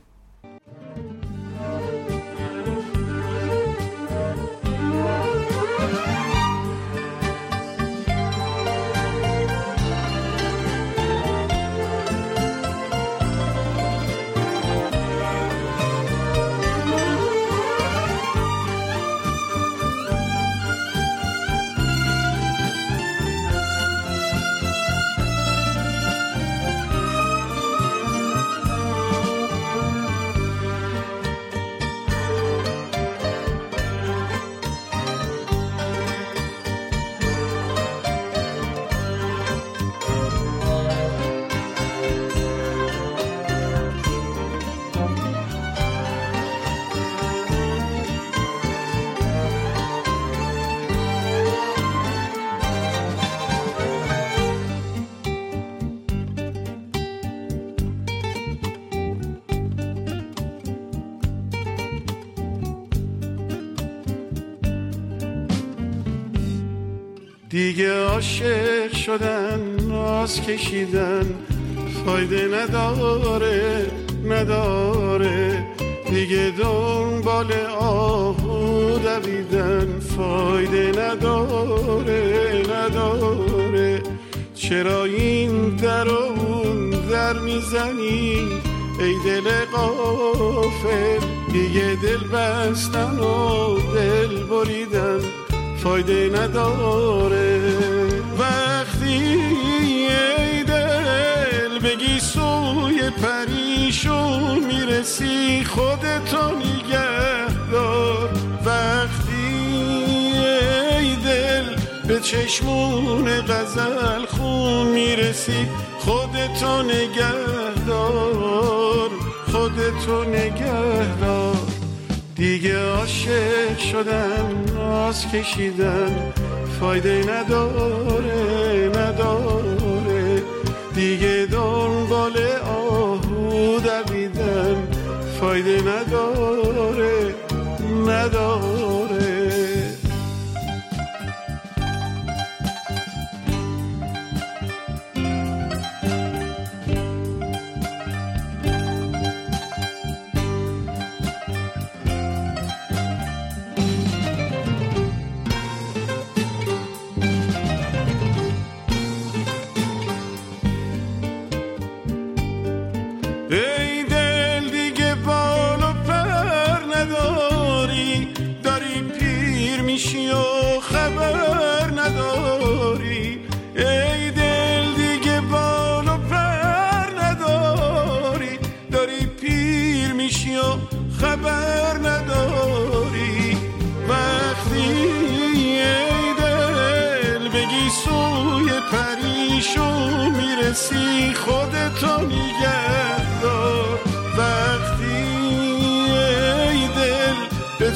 کشیدن فایده نداره نداره دیگه دنبال آهو دویدن فایده نداره نداره چرا این در و اون در میزنی ای دل قافل دیگه دل بستن و دل بریدن فایده نداره پریشو پریشون میرسی خودتو نگه دار وقتی ای دل به چشمون غزل خون میرسی خودتو نگه دار خودتو نگه دار دیگه عاشق شدن ناز کشیدن فایده نداره نداره دیگه دنبال آهو دویدن فایده نداره نداره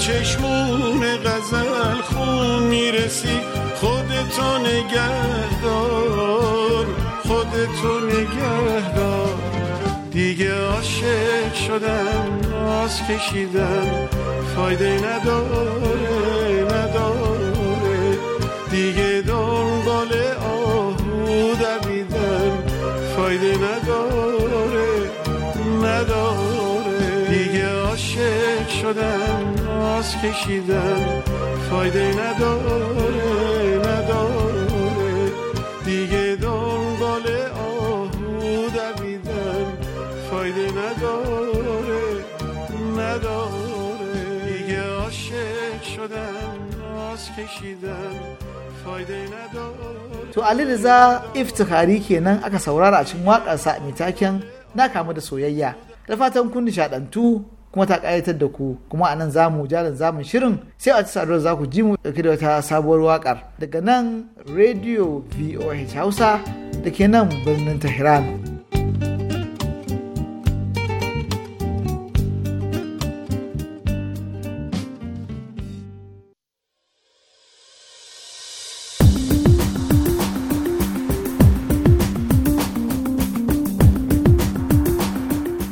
چشمون غزل خون میرسی خودتو نگهدار خودتو نگهدار دیگه عاشق شدم راز کشیدم فایده نداره نداره دیگه دنبال آهو دویدم فایده نداره نداره دیگه عاشق شدم نفس کشیدن فایده نداره نداره دیگه دنبال آهو دویدن فایده نداره نداره دیگه عاشق شدن ناز کشیدن فایده نداره تو علی رضا افتخاری کنن اگه saurara a cikin waƙarsa mai taken na kamu da soyayya da fatan kun kuma ta ƙayatar da ku kuma a nan zamu jalan zamun shirin sai a ci sadar za ku ji mu dauke da wata sabuwar waƙar. daga nan radio voh hausa da ke nan birnin tehran